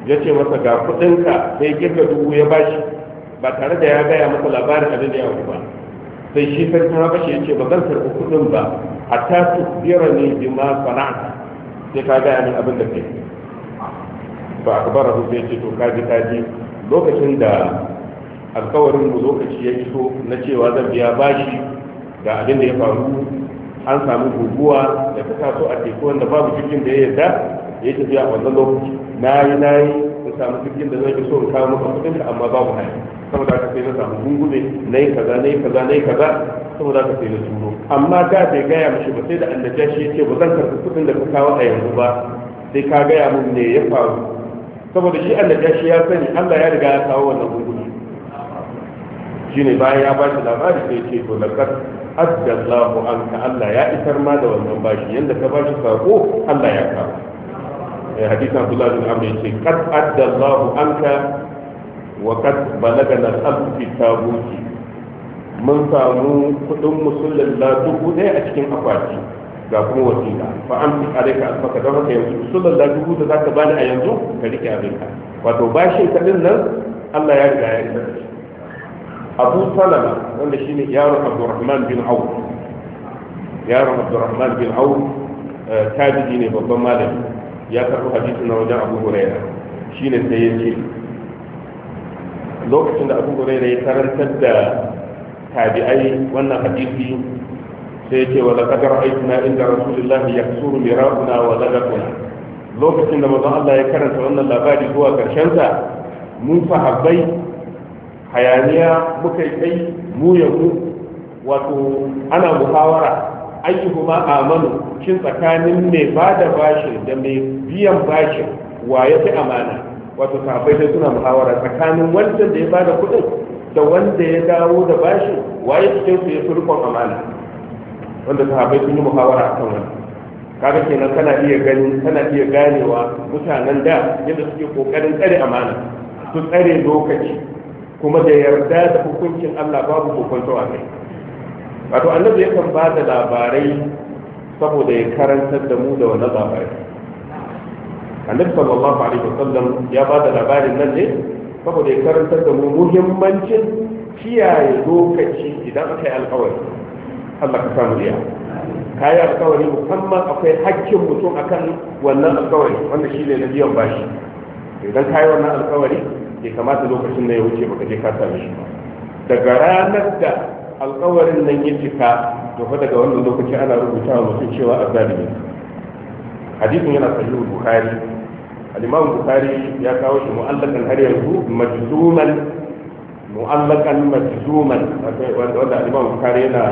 [SPEAKER 1] ya ce masa ga kudinka sai girka dubu ya bashi ba tare da ya gaya masa labarin abin da ya ba sai shi sarki habashi ya ce ba zan karɓi kudin ba hatta ne bi ma sana'a sai ka gaya ni abin da kai ba akbarahu sai ce to kaji kaji lokacin da alkawarin mu lokaci ya iso na cewa zan biya bashi ga abin da ya faru an samu guguwa da ta taso a teku wanda babu jirgin da ya yarda ya tafi a wannan lokaci na yi na yi ta samu jirgin da zan iso in kawo maka kudin amma babu haya saboda haka sai na samu gungume na yi kaza na yi kaza na yi kaza saboda haka sai na turo amma da bai gaya mishi ba sai da annajashi shi ce ba zan karɓi kudin da ka kawo a yanzu ba sai ka gaya mun ne ya faru saboda shi shi ya sani Allah ya riga ya kawo wannan gungume shine bayan ya bashi labari sai ce to laqad addallahu anka Allah ya isar ma da wannan bashi yanda ka bashi sako Allah ya ka eh hadisin Abdullah bin Amr yace qad addallahu anka wa kad balaga al fi tabuti mun samu kudin musulun la dubu ɗaya a cikin akwati ga kuma wasila fa an fi kare alfaka don haka yanzu musulun la dubu da zaka bani a yanzu ka rike abinka wato bashin kadin nan Allah ya riga ya riga da shi abu salama wanda ne yaron abdurrahman bin auf yaron abdurrahman bin auf eh, tabi'i ne babban malami ya karɓi hadisi na wajen abu huraira ne sai ya ce lokacin da abu huraira ya karantar da tabi'ai wannan hadisi sai ya ce wa laqad ra'aytuna inda rasulullah yaksuru mira'una wa ladakuna lokacin da manzon Allah ya karanta wannan labari zuwa karshen sa mun sahabbai hayaniya muka yi kai mu ya mu wato ana muhawara ayyuhuma amanu kin tsakanin mai ba da bashin da mai biyan bashin wa ya fi amana wato sahabbai da suna muhawara tsakanin wanda da ya ba da kuɗin da wanda ya dawo da bashin wa ya fi su ya fi rikon amana wanda sahabbai sun yi muhawara a kan wani kaga kenan kana iya gani kana iya ganewa mutanen da yadda suke kokarin tsare amana su tsare lokaci kuma da yarda da hukuncin Allah babu hukunta wa kai wato annabi yakan ba da labarai saboda ya karantar da mu da wani labari annabi sallallahu alaihi wasallam ya ba da labarin nan ne saboda ya karantar da mu muhimmancin kiyaye lokaci idan aka yi alkawari Allah ka samu riya kayi alkawari musamman akwai hakkin mutum akan wannan alkawari wanda shi ne na biyan bashi idan kayi wannan alkawari bai kamata lokacin na ya wuce baka je ka same shi daga ranar da alkawarin nan ya cika to fa daga wannan lokaci ana rubuta wa mutum cewa azzalimi hadisin yana sahihu bukhari al-imam bukhari ya kawo shi mu'allakan har yanzu majzuman mu'allakan majzuman wanda al-imam bukhari yana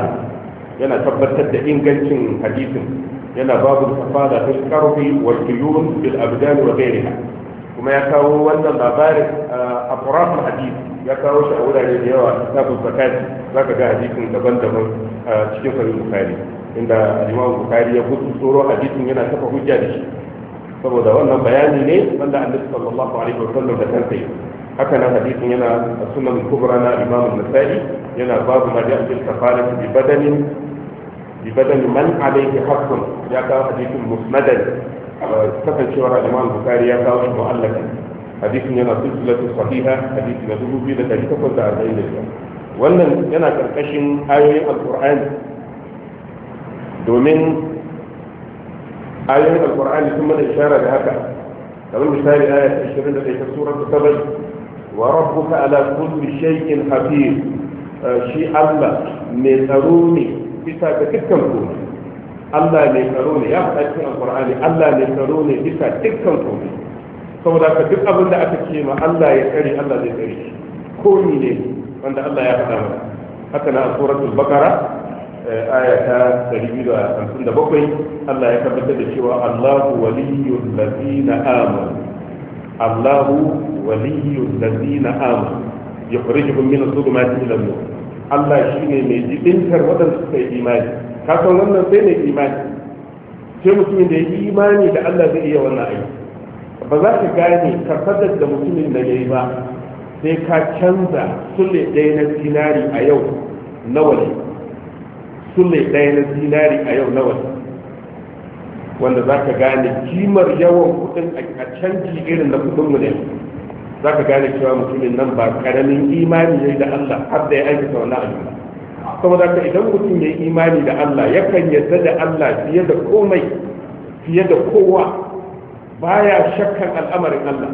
[SPEAKER 1] yana tabbatar da ingancin hadisin yana babu kafara fil qarfi wal quyun bil abdan wa ghayriha kuma ya kawo wannan labarin a furafin hadis ya kawo shi a wurare da yawa na bukkati za ka ga hadisin daban-daban a cikin sahih bukari inda imamu bukari ya gudu tsoro hadisin yana kafa hujja da shi saboda wannan bayani ne wanda nufi sallallahu alaihi wa sallam da kansa yi haka nan hadisin yana sunan kubra na imam nasai yana babu ma da bil kafara bi badanin bi badanin man alayhi haqqun ya kawo hadisin musnadan kasancewar al-imam bukari ya kawo shi mu'allaka hadisin yana silsilatu sahiha hadisi na dubu biyu da ɗari takwas da arba'in da biyar wannan yana ƙarƙashin ayoyin alkur'ani domin ayoyin alkur'ani sun mana ishara da haka kamar misali aya ta ishirin da ɗaya surar ta sabai wa rabbuka ala kulli shay'in hafiz shi Allah mai tsaro ne bisa ga dukkan komai Allah ne karo ne ya faɗa cikin alƙur'ani Allah ne karo ne bisa dukkan komai saboda ka duk abin da aka ce ma Allah ya tsare Allah zai tsare shi ko ni ne wanda Allah ya faɗa mana haka na suratul baqara eh, aya ta 257 Allah ya tabbatar da cewa Allahu waliyyul ladina amanu Allahu waliyyul ladina amanu yukhrijuhum min adh-dhulumati ila an-nur Allah shine mai jibintar wadanda suka yi imani kasan wannan sai ne imani sai mutumin da imani da Allah zai iya wannan aiki ba za ka gane karfatar da mutumin da ya yi ba sai ka canza sulle ɗaya na dinari a yau na wani. sulle ɗaya na zinari a yau na wani. wanda za ka gane kimar yawan kudin a canji irin na kudin mu ne za ka gane cewa mutumin nan ba karamin imani ne da Allah har da ya aikata wannan ayyuka saboda haka idan mutum ya yi imani da Allah yakan yarda da Allah fiye da komai fiye da kowa baya shakkan al'amarin Allah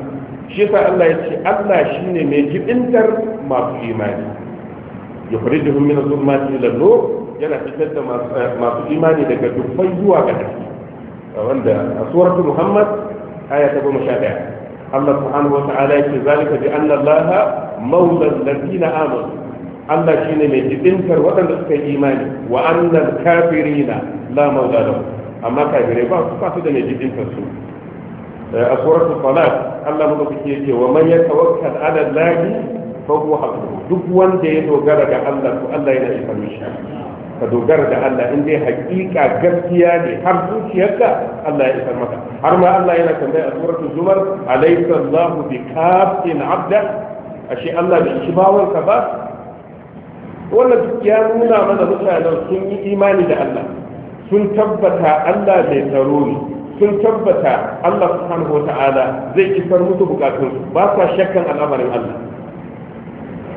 [SPEAKER 1] shi yasa Allah ya ce Allah shine mai jibintar masu imani ya fari da hun zulmati ila nur yana fitar da eh, masu imani daga dubbai zuwa ga haske wanda a suratu Muhammad aya ta goma sha Allah subhanahu wa ta'ala yake zalika bi anna Allah mawlan na amanu Allah shi ne mai jibintar waɗanda suka yi imani wa annal kafirina la mawla lahum amma kafirai ba su fasu da mai jibintar su eh, a suratul talaq Allah mu kuke yake wa man yatawakkal ala Allah fa huwa hasbuh duk wanda ya dogara ga Allah to Allah yana isa mishi ka dogara da Allah in dai haƙiƙa gaskiya ne har zuciyarka Allah ya isa maka har ma Allah yana tambaya a suratul zumar alaysa Allahu bi kafin abda ashe Allah bai shi bawanka ba wannan duk ya nuna mana mutanen sun yi imani da Allah sun tabbata Allah bai tsaro ne sun tabbata Allah subhanahu wata'ala zai isar musu bukatun ba sa shakkan al'amarin Allah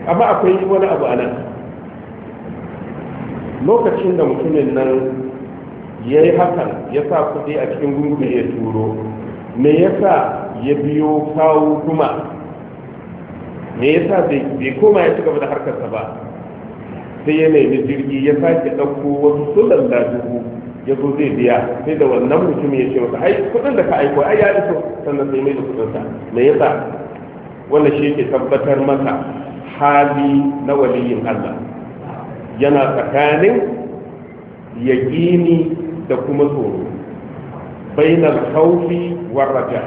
[SPEAKER 1] amma akwai wani abu a lokacin da mutumin nan ya yi hakan ya sa kuɗi a cikin gungun ya turo me yasa ya biyo kawo kuma me yasa bai koma ya ci gaba da harkarsa ba sai ya nemi jirgi ya sake ɗauko wasu sunan da dubu ya zo zai biya sai da wannan mutum ya ce masa ai kuɗin da ka aiko ai ya iso sannan sai mai da sa me yasa wannan shi ke tabbatar masa hali na waliyin Allah yana tsakanin yaƙini da kuma tsoro bainal khawfi war raja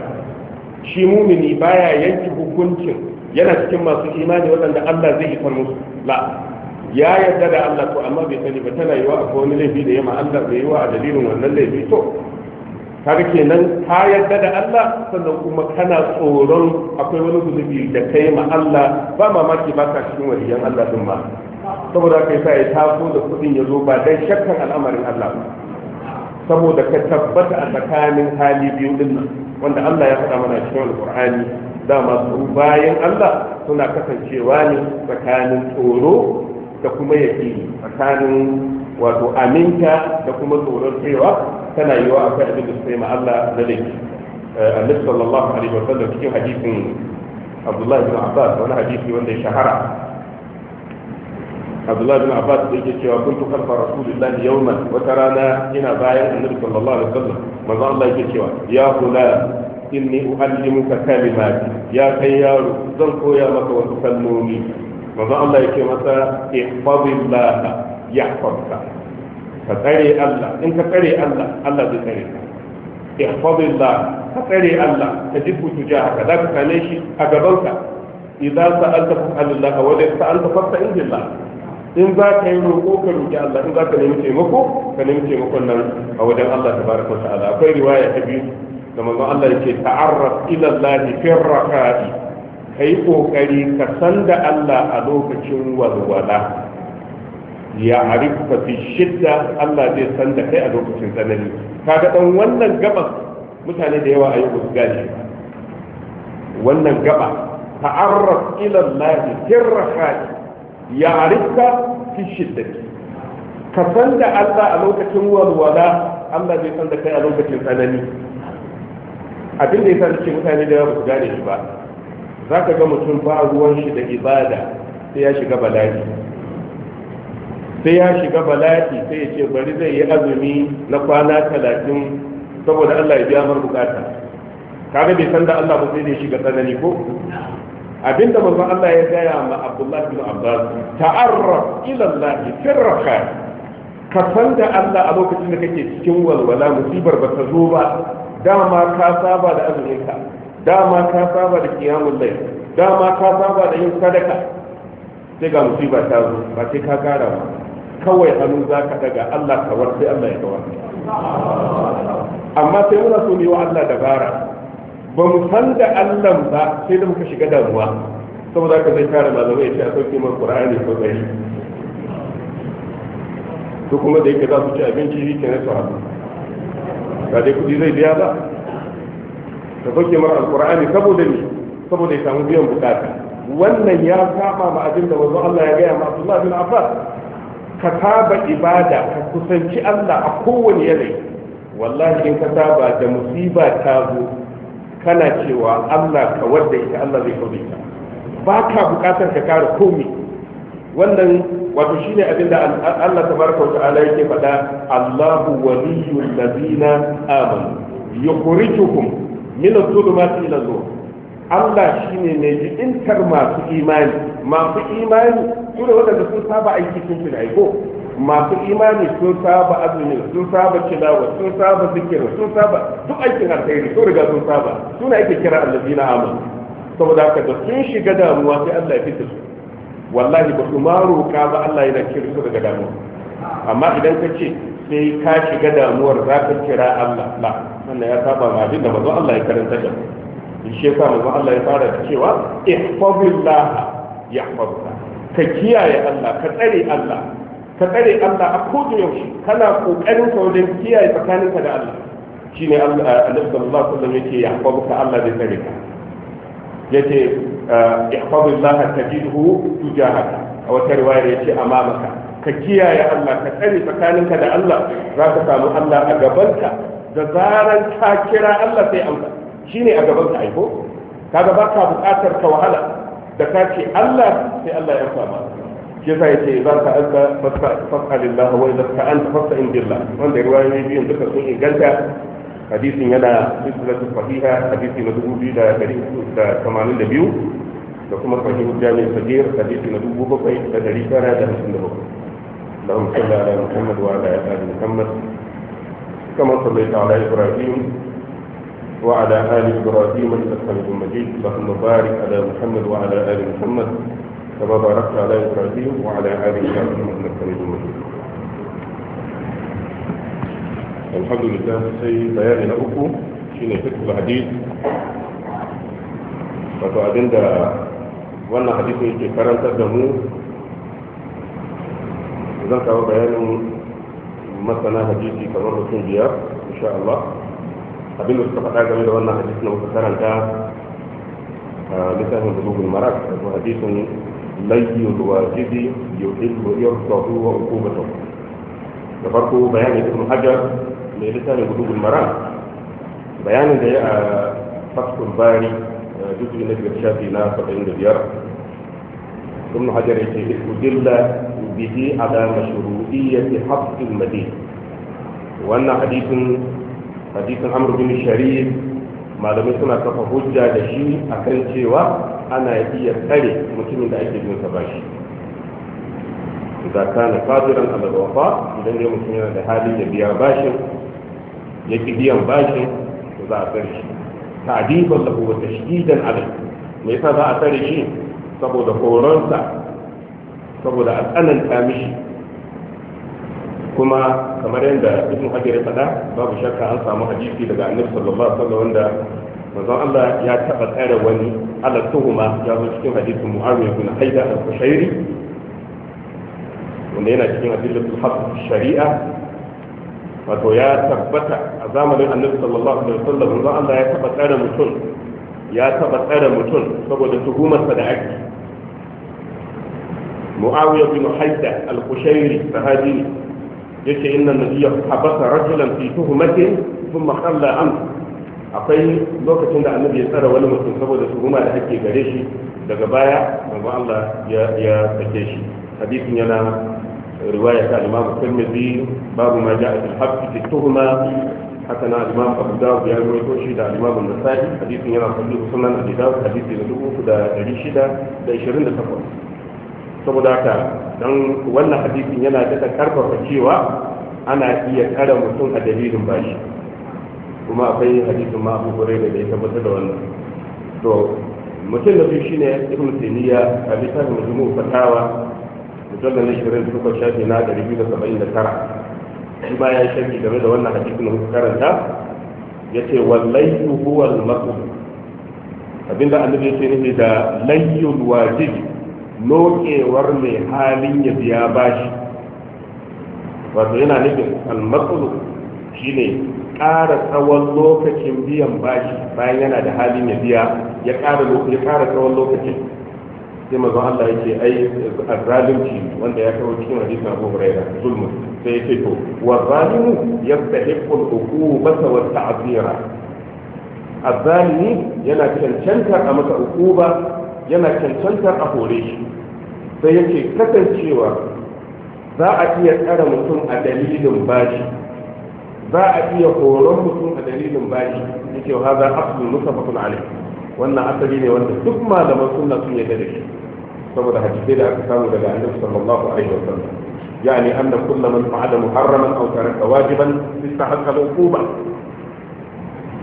[SPEAKER 1] shi mumini baya yanke hukuncin yana cikin masu imani waɗanda Allah zai yi musu la ya yarda da Allah to amma bai sani ba tana yiwa akwai wani laifi da yamma Allah bai yiwa a dalilin wannan laifi to kaga kenan ka yarda da Allah sannan kuma kana tsoron akwai wani zunubi da kai ma Allah ba mamaki ba ka cikin waliyan Allah din ma saboda kai sa ya taso da kudin ya zo ba dan shakkan al'amarin Allah ba saboda ka tabbata a tsakanin hali biyu din nan wanda Allah ya faɗa mana cikin alƙur'ani dama su bayan Allah suna kasancewa ne tsakanin tsoro da kuma yaƙini tsakanin wato aminta da kuma tsoron cewa tana yiwa akwai abin da su ma Allah na da laifi eh, annabi sallallahu alaihi wa sallam cikin hadisin Abdullahi ibn Abbas wani hadisi wanda ya shahara Abdullahi ibn Abbas da yake cewa kuntu khalfa Rasulillah yawman wata rana ina bayan annabi sallallahu alaihi wa sallam manzo Allah yake cewa ya kula inni uallimuka kalimati ya kai yaro zan koya maka wasu kalmomi manzo Allah yake masa ihfazillah yahfazka ka tsare Allah in ka tsare Allah Allah zai tsare ka ihfazillah ka tsare Allah ka jibu tujahaka za ka kane shi a gaban gabanka idan sa'alta fa'alillah wa la sa'alta fa'alillah indillah in za ka yi roƙo ka roƙi Allah in za ka nemi taimako ka nemi taimakon nan a wajen Allah ta baraka ta'ala akwai riwaya ta biyu da manzon Allah yake ta'arraf ila Allah fi raka'i ka yi ƙoƙari ka san da Allah a lokacin walwala ya harifa fi shidda Allah zai san da kai a lokacin tsanani kaga dan wannan gaba mutane da yawa a yau ba su wannan gaba ta'arraf ila Allah tirrahati ya harifa fi shidda ka san da Allah a lokacin walwala Allah zai san da kai a lokacin tsanani abin da ya sa ce mutane da yawa ba su gane shi ba za ka ga mutum ba ruwan shi da ibada sai ya shiga bala'i sai ya shiga bala'i sai ya ce bari zai yi azumi na kwana talatin saboda allah ya biya mar bukata kaga bai san da allah ba sai da shiga tsanani ko abinda manzon allah ya gaya ma abdullahi bin abbas ta'arraf ila allah firraka ka san da allah a lokacin da kake cikin walwala musibar ba ta zo ba dama ka saba da azumin ka dama ka saba da kiyamun lai dama ka saba da yin sadaka sai ga musiba ta zo ba sai ka kara ba kawai hannu za ka daga allah kawar sai allah ya kawar amma sai muna so ne wa allah dabara ba mu san da allah ba sai da muka shiga damuwa saboda ka zai kare malamai ya ce a sauke man qur'ani ko zai to kuma da yake za su ci abinci shi kenan su haɗu ba dai kuɗi zai biya ba da sauke mara alkur'ani saboda ne saboda ya samu biyan bukata wannan ya saba ma abin da wanzu Allah ya gaya ma Abdullah bin Abbas ka saba ibada ka kusanci Allah a kowane yanayi wallahi in ka saba da musiba ta zo kana cewa Allah ka wadda ita Allah zai kauce ta ba ka bukatar ka kare komai wannan wato shine abin da Allah tabaraka wa ta'ala yake faɗa Allahu waliyyul ladina amanu yukhrijukum min az-zulumati ila nur Allah shine mai jibintar masu imani masu imani su da wadanda sun saba aiki sun fi aiko masu imani sun saba azumi sun saba cilawa sun saba zikira sun saba duk aikin alkhairi sun riga sun saba suna ake kira na amanu saboda haka da sun shiga damuwa sai Allah ya fita su wallahi ba su maro roƙa ba Allah yana kira su daga damuwa amma idan ka ce sai ka shiga damuwar za ka kira Allah la wannan ya saba ma abin da manzon Allah ya karanta da mu shi yasa manzon Allah ya fara da cewa ihfazillah yahfazuka ka kiyaye Allah ka tsare Allah ka tsare Allah a koda yaushe kana kokarin ka wajen kiyaye tsakaninka da Allah shine Allah eh, annabi sallallahu alaihi wasallam yake yahfazuka Allah zai tsare ka yace eh, ihfazillah tajidhu tujahaka a wata riwaya yace amamaka ka kiyaye Allah ka tsare tsakaninka da Allah za ka samu Allah a gabanka da zaran ka kira Allah sai amsa ne a gaban ka aiko kaga ba ka buƙatar ka wahala da ka ce Allah sai Allah ya amsa ma shi yasa yace za ka anta fas'alillah wa idza ka anta fas'in billah wanda riwayoyi biyun duka sun inganta hadisin yana silsilatu sahiha hadisi na 2382 da kuma sahihu jami'in sagir hadisi na dubu bakwai da dari tara da hamsin da كما صليت على إبراهيم وعلى آل إبراهيم إنك حميد مجيد اللهم بارك على محمد وعلى آل محمد كما باركت على إبراهيم وعلى آل إبراهيم إنك حميد مجيد الحمد لله سي بياننا أكو شيني فكر الحديث wato abinda وانا حديثي yake karantar da mu zan kawo مثلا حديثي كمان مثل ديار ان شاء الله ابي نستطيع ان نقول ان حديثنا مؤخرا كان كا مثلا من قلوب المرض وحديث لي الواجب يحل يرفضه وعقوبته نفرق بيان ابن حجر لسان قلوب المرض بيان ده فتح الباري جزء من الشافي لا فتح ديار ibn hajar yake istudilla bihi ala mashru'iyyati hafzil madin wannan hadisin hadisin amr bin sharif malamai suna kafa hujja da shi akan cewa ana iya tsare mutumin da ake bin sa bashi idan kana fadiran ala wafa idan ya mutum yana da hali ya biya bashin ya ki biyan bashin za a tsare shi Ta ta'diban lahu wa tashdidan alayhi me yasa za a tsare shi saboda horonsa saboda a tsananta mishi kuma kamar yadda ibn hajar ya faɗa babu shakka an samu hadisi daga annabi sallallahu alaihi wasallam wanda manzon Allah ya taba tsare wani ala tuhuma ya zo cikin hadisin Muawiya bin Haida al-Kushairi wanda yana cikin adillatul haqq shari'a wato ya tabbata a zamanin annabi sallallahu alaihi wasallam manzon Allah ya taba tsare mutum ya taba tsare mutum saboda tuhumarsa da ake muawiya bin haidda al-kushairi sahabi yake inna nabiyya habasa rajulan fi tuhmatin thumma khalla an akwai lokacin da annabi ya tsara wani mutum saboda tuhuma da ake gare shi daga baya manzo Allah ya ya sake shi hadisin yana riwaya ta Imam Tirmidhi babu ma ja'a fil haqqi fi tuhma haka na imam abu dawud ya rawaito shi da imam an-nasa'i hadisin yana da sunan abi dawud hadisi da dubu da dari shida da ishirin da takwas saboda haka don wannan hadisin yana da karfafa cewa ana iya kare mutum a dalilin bashi kuma akwai hadisin ma abu hurairah da ya tabbatar da wannan to mutum da biyu shine ibn taymiya a littafin majmu fatawa da mujallal 20 suka shafi na tara. shi ba ya shirki game da wannan hadisin da muka karanta ya ce wallayyu huwa al-maqsud abinda annabi ya ce nufi da layyul wajib lokewar mai halin ya biya bashi wato yana nufin al-maqsud shine ƙara tsawon lokacin biyan bashi bayan yana da halin ya biya ya ƙara tsawon lokacin sai mazan Allah ya ce ai azzalunci wanda ya kawo cikin hadisin Abu Hurairah zulmu sai ya ce to wa zalimu yastahiqqu al-uqubata wa ta'zira azzalimi yana cancantar a masa uquba yana cancantar a hore shi sai ya ce kasancewa za a iya tsara mutum a dalilin bashi za a iya horon mutum a dalilin bashi yake wa haza aslun musafakun alaihi wannan asali ne wanda duk malaman suna sun yarda da shi saboda hadisai da aka samu daga annabi sallallahu alaihi wasallam yani anna kulla man fa'ala muharraman aw taraka wajiban istahaqqa al-uquba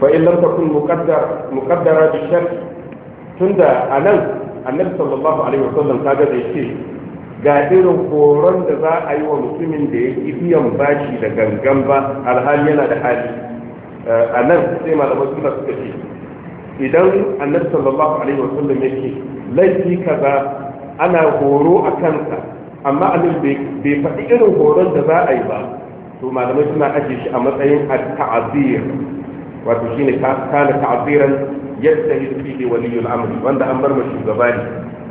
[SPEAKER 1] fa in lam takun muqaddar muqaddara bi shart tunda anan annabi sallallahu alaihi wasallam kaga da yake ga irin horon da za a yi wa mutumin da ya ki biyan bashi da gangan ba alhali yana da hali eh, a nan sai malamai suna suka ce idan annabi sallallahu alaihi wasallam yake laifi kaza ana horo a kansa amma abin bai faɗi irin horon da za a yi ba to malamai suna ajiye shi a matsayin ta'azir wato ne kana ta'aziran yadda wani waliyul amri wanda an bar ma shugaba ne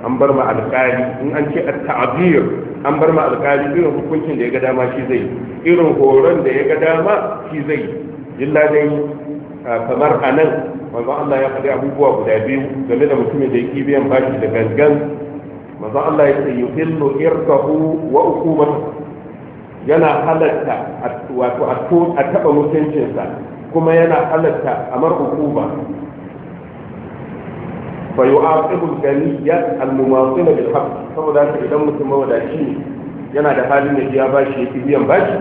[SPEAKER 1] an bar ma alƙali in an ce ta'azir an bar ma alƙali irin hukuncin da ya ga dama shi zai irin horon da ya ga dama shi zai illa dai kamar a nan manzo Allah ya faɗi abubuwa guda biyu game da mutumin da yake biyan bashi da gangan manzo Allah ya ce yuhillu irkahu wa uqubatahu yana halatta wato a taɓa mutuncinsa kuma yana halatta a mar hukuma fa yu'aqibu al gani al-mumasila bil haqq saboda haka idan mutum mawadaci yana da halin da ya bashi yake biyan bashi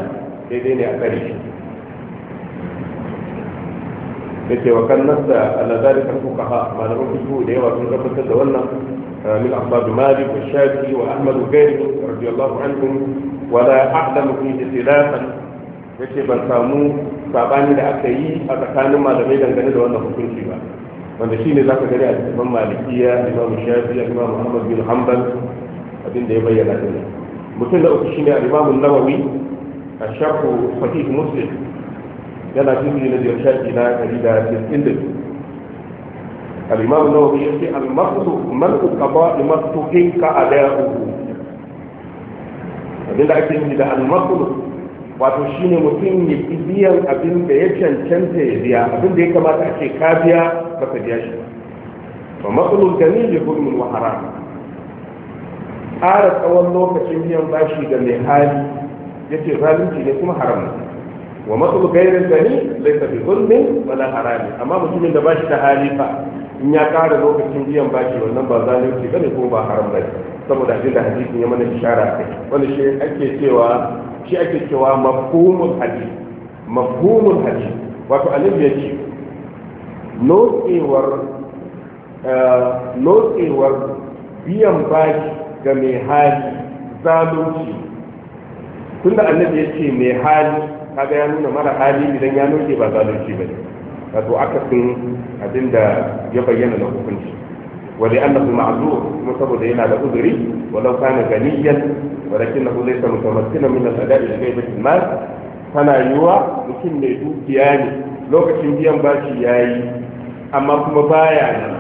[SPEAKER 1] daidai ne a kare shi yace wa kan nasta ala zalika fuqaha malaman fiqh da yawa sun gabatar da wannan min ahmadu malik wa shafi wa ahmadu gairi radiyallahu anhum wa la a'lamu fi ihtilafan yace ban samu sabani da aka yi a tsakanin malamai dangane da wannan hukunci ba wanda shine zaka ka gani a cikin malikiya imam shafi imam ahmad bin hanbal abin da ya bayyana ne mutum da uku shine al-imam an-nawawi ashabu fatih muslim yana cikin na biyar shafi na ɗari da cikin da biyu al'imamu na wani yake al-maqsu malku qada maqtuhin ka ada'uhu abinda ake nufi da al-maqsu wato shine mutum ya ki biyan abin da ya cancanta ya biya abin da ya kamata a ce ka biya ba ka biya shi ba matsalul gani ya gurmin wa haram ƙara tsawon lokacin biyan bashi ga mai hali ya ce zalunci ne kuma haram wa matsulu gairin gani laisa bi zulmin wala harami amma mutumin da bashi shi hali fa in ya kara lokacin biyan bashi wannan ba zalunci bane ko ba haram bane saboda abin da hadisin ya mana ishara kai wanda shi ake cewa shi ake cewa mafhumul hadis mafhumul hadis wato annabi ya ce notsewar eh, notsewar biyan bashi ga mai hali zalunci tunda annabi ya ce mai hali kaga ya nuna mara hali idan ya noke ba zalunci ba ne wato akasin abin da ya bayyana na hukunci wani an nasu ma'azur kuma saboda yana da uzuri walau kana ganiyan walakin na hulai sa mutamassina min al-ada ila ghaibatil mal tana yiwa mutum mai dukiya ne lokacin biyan bashi yayi amma kuma baya nan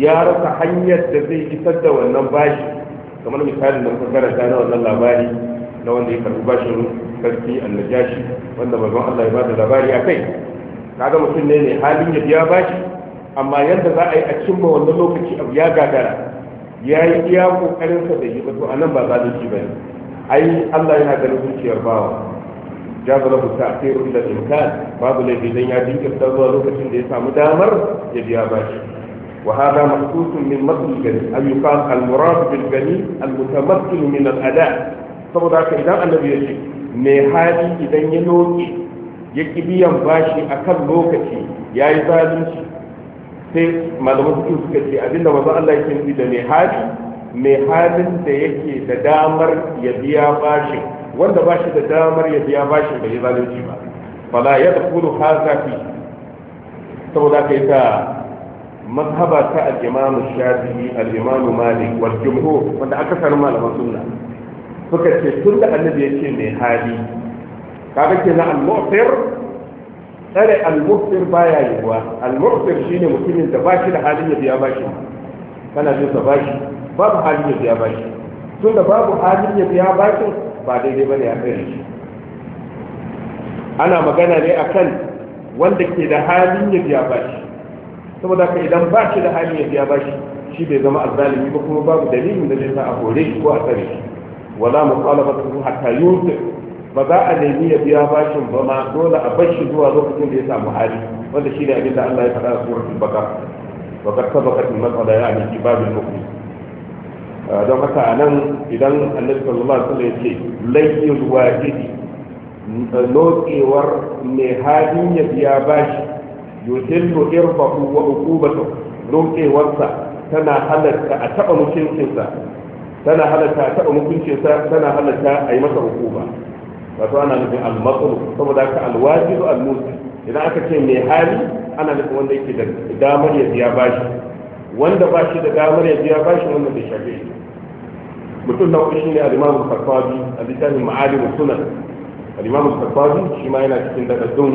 [SPEAKER 1] ya rasa hanyar da zai isar da wannan bashi kamar misalin da muka karanta na wannan labari na wanda ya karbi bashin sarki annajashi wanda manzon Allah ya ba da labari a kai kaga mutum ne mai halin ya biya bashi amma yadda za a yi a cimma wannan lokaci abu ya gagara ya yi iya kokarin sa da yi ba a anan ba zalunci bane ai Allah yana ganin zuciyar bawa jaza lahu ta'khiru ila imkan babu laifi dan ya jinkirta zuwa lokacin da ya samu damar ya biya bashi وهذا مخصوص من مصر الجني أو يقال المراد بالجني المتمكن من الأداء طب ذاك إذا النبي يشك mai hali idan ya loke ya ki biyan bashi a kan lokaci ya yi zalunci sai malamai suke suka ce abinda mazu Allah yake nufi da mai hali mai halin da yake da damar ya biya bashi wanda ba da damar ya biya bashi bai yi zalunci ba fala ya da kuru haza fi saboda kai ta mazhaba ta al-imamu shafi'i al-imamu malik wal jumhur wanda aka san malaman sunna suka ce tun da annabi ya ce mai hali kaga ke na al-mu'tir tsare al-mu'tir baya yiwuwa al-mu'tir shine mutumin da bashi da halin ya biya bashi kana jin sa bashi babu halin ya biya bashi tun da babu halin ya biya bashi ba daidai bane a kai shi ana magana ne akan wanda ke da halin ya biya bashi saboda ka idan ba shi da halin ya biya bashi shi bai zama azzalimi ba kuma babu dalilin da zai sa a hore shi ko a tsare shi wala muqalabatu hatta yusir ba za a nemi ya biya bashin ba ma dole a bashi shi zuwa lokacin da ya samu hali wanda shi ne abinda Allah ya faɗa a suratul baqara wa qad sabaqat al-mas'ala yani fi babil mukhlis ah, don haka anan idan Annabi sallallahu alaihi wasallam ya ce layyul wajidi lokewar mai halin ya biya bashi yuhillu irfahu wa uqubatu lokewarsa tana halarta a taɓa mutuncinsa tana halatta taɓa mutuncinsa tana halatta a yi masa hukuma wato ana nufin almatsalo saboda haka alwajibu almusi idan aka ce mai hali ana nufin wanda yake da damar ya biya bashi wanda ba shi da damar ya biya bashi wanda bai shafe shi mutum na uku shine al-imamu al-farfabi a littafin ma'alimu sunan al-imamu al-farfabi shi ma yana cikin dadaddun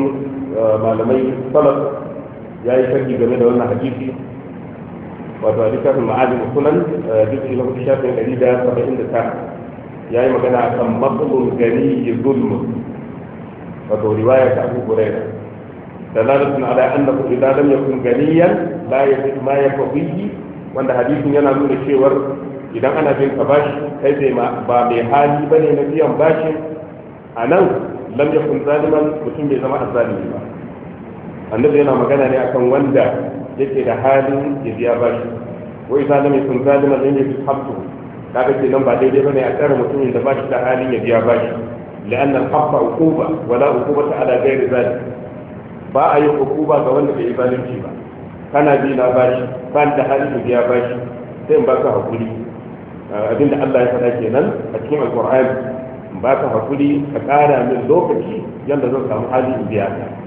[SPEAKER 1] eh, malamai salaf ya yi sharhi game da wannan hadisi wato a littafin ma'alimu sunan duk eh, ila hudu shafin ɗari da saba'in da tara ya yi magana a kan matsalin gari ya zulmu wato riwaya ta abu huraira dalalatun ala annahu idza lam yakun ganiyan la yajid ma yafawihi wanda hadisin yana nuna cewar idan ana bin ka bashi kai sai ba mai hali ba ne na biyan bashi a nan lam yakun zaliman mutum bai zama azzalimi ba annabi yana magana ne akan wanda yake da halin ya biya bashi wai za mai sun zalima zan yi haftu kaga ce nan ba daidai ne a tsara mutumin da bashi da halin ya biya bashi la'anna nan haqqa uquba wala uqubata ala ghairi zalik ba a yin uquba ga wanda bai yi zalunci ba kana bi na bashi ban da halin ya biya bashi sai in ka hakuri abinda Allah ya faɗa kenan a cikin alqur'ani baka hakuri ka ƙara min lokaci yadda zan samu halin biya ka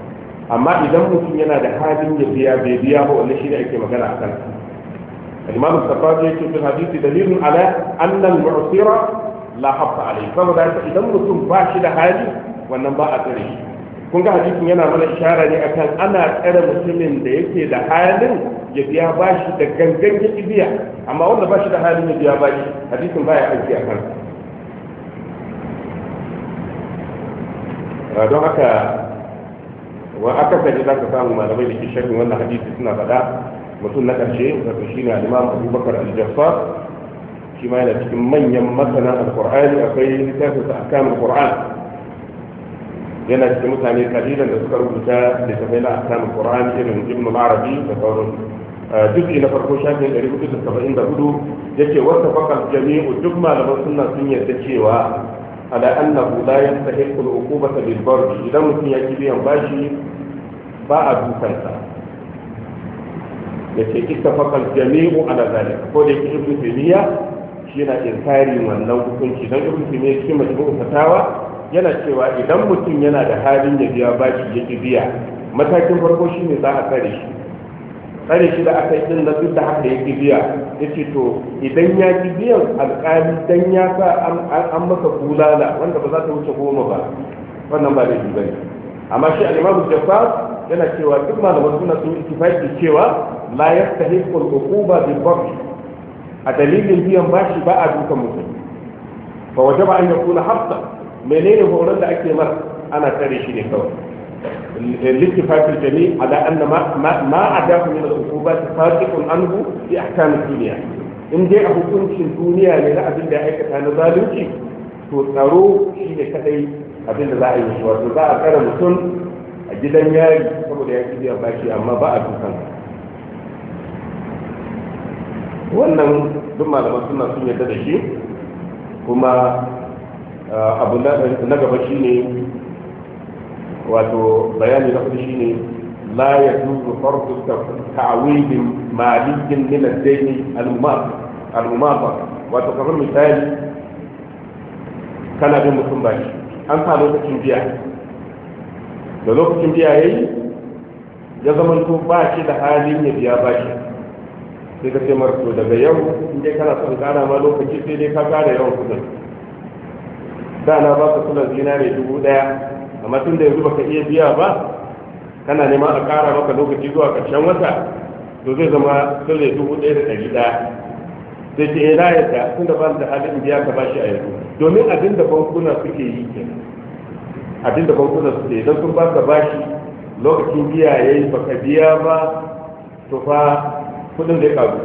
[SPEAKER 1] amma idan mutum yana da halin ya biya bai biya ba shi shine ake magana a al-imam al ya yake cikin hadisi dalilun ala anna al-mu'sira la hafa alayhi saboda idan mutum ba shi da hali wannan ba a tsare shi kun ga hadisin yana mana ishara ne akan ana tsare mutumin da yake da halin ya biya shi da gangan ya biya amma wanda bashi da halin ya biya bashi hadisin baya aiki a kansa don haka wa aka sani za ka samu malamai da ke sharhin wannan hadisi suna faɗa mutum na ƙarshe wato shine al-imam abubakar al-jaffar shi ma yana cikin manyan masana al-qur'ani akwai littafin sa akan al-qur'an yana cikin mutane kalilan da suka rubuta littafai na akan al-qur'ani irin ibn al-arabi da sauran duk na farko shafin 474 yake wasa fakal jami'u duk malaman sunna sun yarda cewa ala annahu la yastahiqu al-uqubata bil barr idan mutum ya ki biyan bashi ba a dukansa yace ittafaqa al-jami'u ala zalika ko da yake ibnu taymiya shi yana inkari wannan hukunci dan ibnu taymiya shi majmu'u fatawa yana cewa idan mutum yana da halin ya biya bashi ya biya matakin farko shine za a kare shi tsare shi da aka yi na duk da haka ya biya ya ce to idan ya ki biyan alkali dan ya sa an masa bulala wanda ba za ta wuce goma ba wannan ba da ba ne amma shi al'imamu jafa yana cewa duk malaman suna sun ittifaqi cewa la yastahiqu al ba bil a dalilin biyan bashi ba a dukan mutum waje ba an yakuna hafsa menene horon da ake mar ana tare shi ne kawai لاتفاق الجميع على ان ما ما, ما اداه من العقوبات ساقط عنه في احكام الدنيا in dai a hukuncin duniya ne na abin da ya aikata na zalunci to tsaro shi ne kadai abin da za a yi shi za a tsara mutum a gidan yari saboda ya ci biyan bashi amma ba a dukan wannan duk malaman suna sun da shi kuma abu na gaba shi ne wato bayani na kudu shine la ya farko ta ta'awilin malikin min zai dayn wato kamar misali kana bin mutum ba shi an sa lokacin biya da lokacin biya yi ya zama to ba shi da halin ya biya ba shi sai ka ce marto daga yau in dai kana son gana ma lokaci sai dai ka gane yawan kudin da na ba ka sunan zinare dubu daya amma tun da yanzu baka iya biya ba kana neman a ƙara maka lokaci zuwa ƙarshen wata to zai zama sirri dubu ɗaya da ɗari ɗaya sai ce ina eh, yadda tun da ba da halin biya ka bashi a yanzu domin abin da bankuna suke yi ke abin da bankuna suke yi don sun baka bashi lokacin biya ya yi baka biya ba to fa kudin da ya ƙaru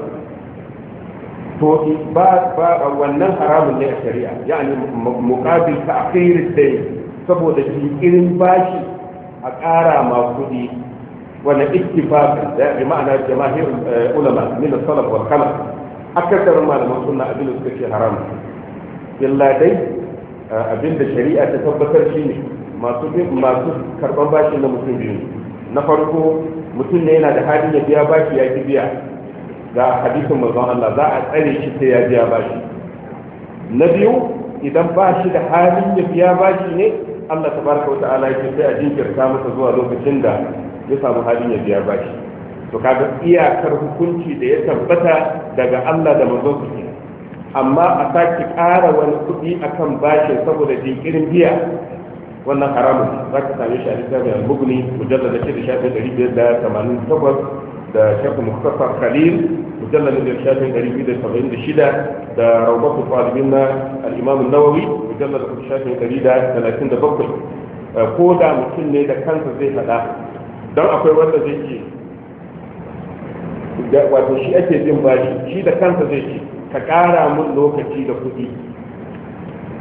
[SPEAKER 1] to ba ba wannan haramun ne a shari'a ya'ani muqabil ta'khir ad-dayn saboda jinkirin bashi a ƙara ma kuɗi wanda ittifaqan da fi ma'ana jama'ir eh, ulama nina salaf wal khalaf malaman suna abin da suka ce haram illa dai eh, abin da shari'a ta tabbatar shi ne masu karɓar bashi na mutum biyu na farko mutum ne yana da halin ya biya bashi ya ki biya ga hadisin mazan Allah za a tsare shi sai ya biya bashi na biyu idan bashi da halin ya biya bashi ne Allah ta wata ala yake sai a jinkirta masa zuwa lokacin da ya samu halin ya biya ba shi. to kaga iyakar hukunci da ya tabbata daga Allah da manzon su amma a sake ƙara wani kuɗi akan bashin saboda jinkirin biya wannan haramun za ka same shi a littafin al-mughni mujallal da shida shafin ɗari biyar da tamanin takwas da shafin muktasar khalil mujallal da shafin ɗari biyar da saba'in da shida da rawbatu talibin na al-imam nawawi mujallar kuma shafin ɗari da talatin da bakwai eh, ko da mutum ne da kansa zai haɗa don akwai wanda zai ce wato shi ake jin bashi shi da kansa zai ce ka ƙara mun lokaci da kuɗi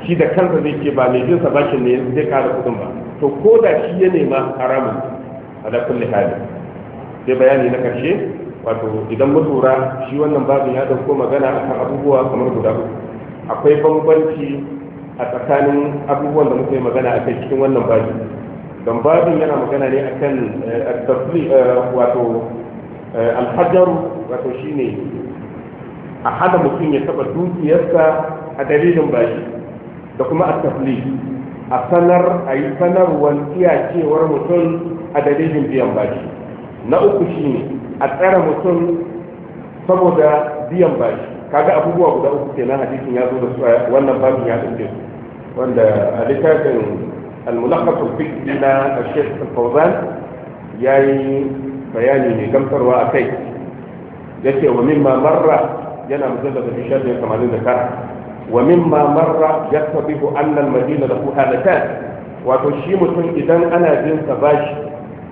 [SPEAKER 1] shi da kansa zai ce ba mai jinsa bashin ne zai ƙara kuɗin ba to ko da shi ya nema haramun da kulli hali sai bayani na ƙarshe wato idan mutura shi wannan babin ya ɗauko magana akan abubuwa kamar guda uku akwai bambanci a tsakanin abubuwan da muka yi magana a kai cikin wannan babi don babin yana magana ne a kan eh, eh, wato eh, alhajaru wato shine a hada mutum ya taba dukiyarsa a dalilin bashi da kuma a tafli a sanar a yi sanarwar iyakewar mutum a dalilin biyan bashi na uku shine a tsara mutum saboda biyan bashi kaga abubuwa guda uku kenan hadisin ya zo da su wannan babin ya ɗauke su وعند ذلك الملخص الفكري الى الشيخ الفوزان ياي بياني كم تروى اكي جاتي ومما مر جنا مسجد في الشهر 80 ذكر ومما مر يكتبه ان المدينه له هالتان وتشيم اذا انا جنس باش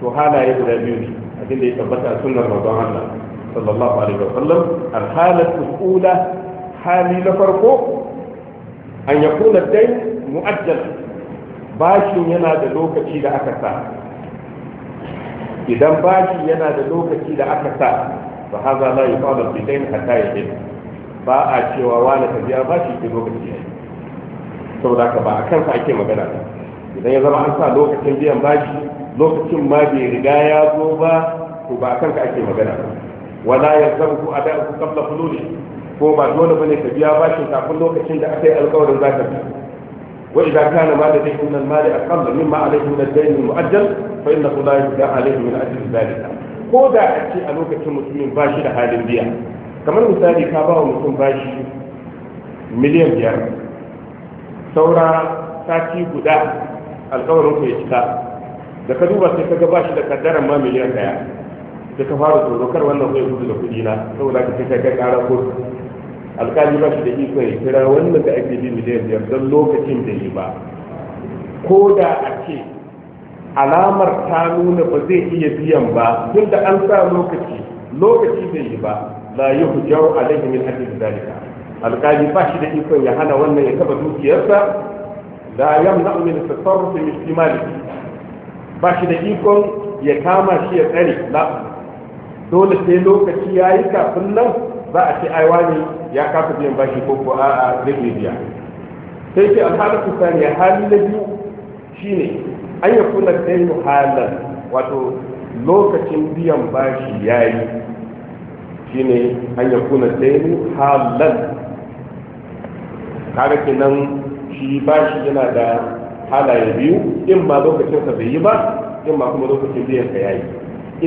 [SPEAKER 1] تهالا يدرى بيوني لكن يثبت سنه رمضان صلى الله عليه وسلم الحاله الاولى حالي لفرقه an ya kuna dai mu'ajjal bashin yana da lokaci da aka sa idan bashin yana da lokaci da aka sa fa haza la yuqalu bi dayn hatta yajid ba a cewa wani ta biya bashi ke lokaci ne saboda ka ba a kansa ake magana idan ya zama an sa lokacin biyan bashi lokacin ma bai riga ya zo ba to ba a kanka ake magana wala yanzu ku ada ku qabla hululi ko ba dole bane ka biya bashin kafin lokacin da aka yi alƙawarin zaka bi wa idza kana ma da dai kullal mali aqall mimma alayhi min ad-dayn mu'ajjal fa innahu la yudda alayhi min ajli dhalika ko da a ce a lokacin mutumin bashi da halin biya kamar misali ka ba wa mutum bashi miliyan biyar saura sati guda alƙawarin ku ya cika da ka duba sai ga bashi da kaddaran ma miliyan daya da ka fara tsoro kar wannan zai gudu da kuɗi na saboda ka kai ka ƙara kotu alkali ba shi da iko ya kira wanda da ake bi miliyan biyar don lokacin da yi ba ko da a ce alamar ta nuna ba zai iya biyan ba tun da an sa lokaci lokaci da yi ba la yi hujjar alaihi min da zalika alkali ba shi da iko ya hana wannan ya taba dukiyarsa Da mu yamna min tasarrufi mislimali ba shi da ikon ya kama shi ya tsare dole sai lokaci ya yi kafin nan za a ce ai wani ya kasa biyan bashi ko ko a'a zai iya biya sai ce kusani ya hali na biyu shine an ya kuna dainu halar wato lokacin biyan bashi ya yayi shine an ya kuna dainu halar. kaga kenan shi bashi yana da halaye biyu in ma lokacin sa bai yi ba in ma kuma lokacin biyan ka ya yi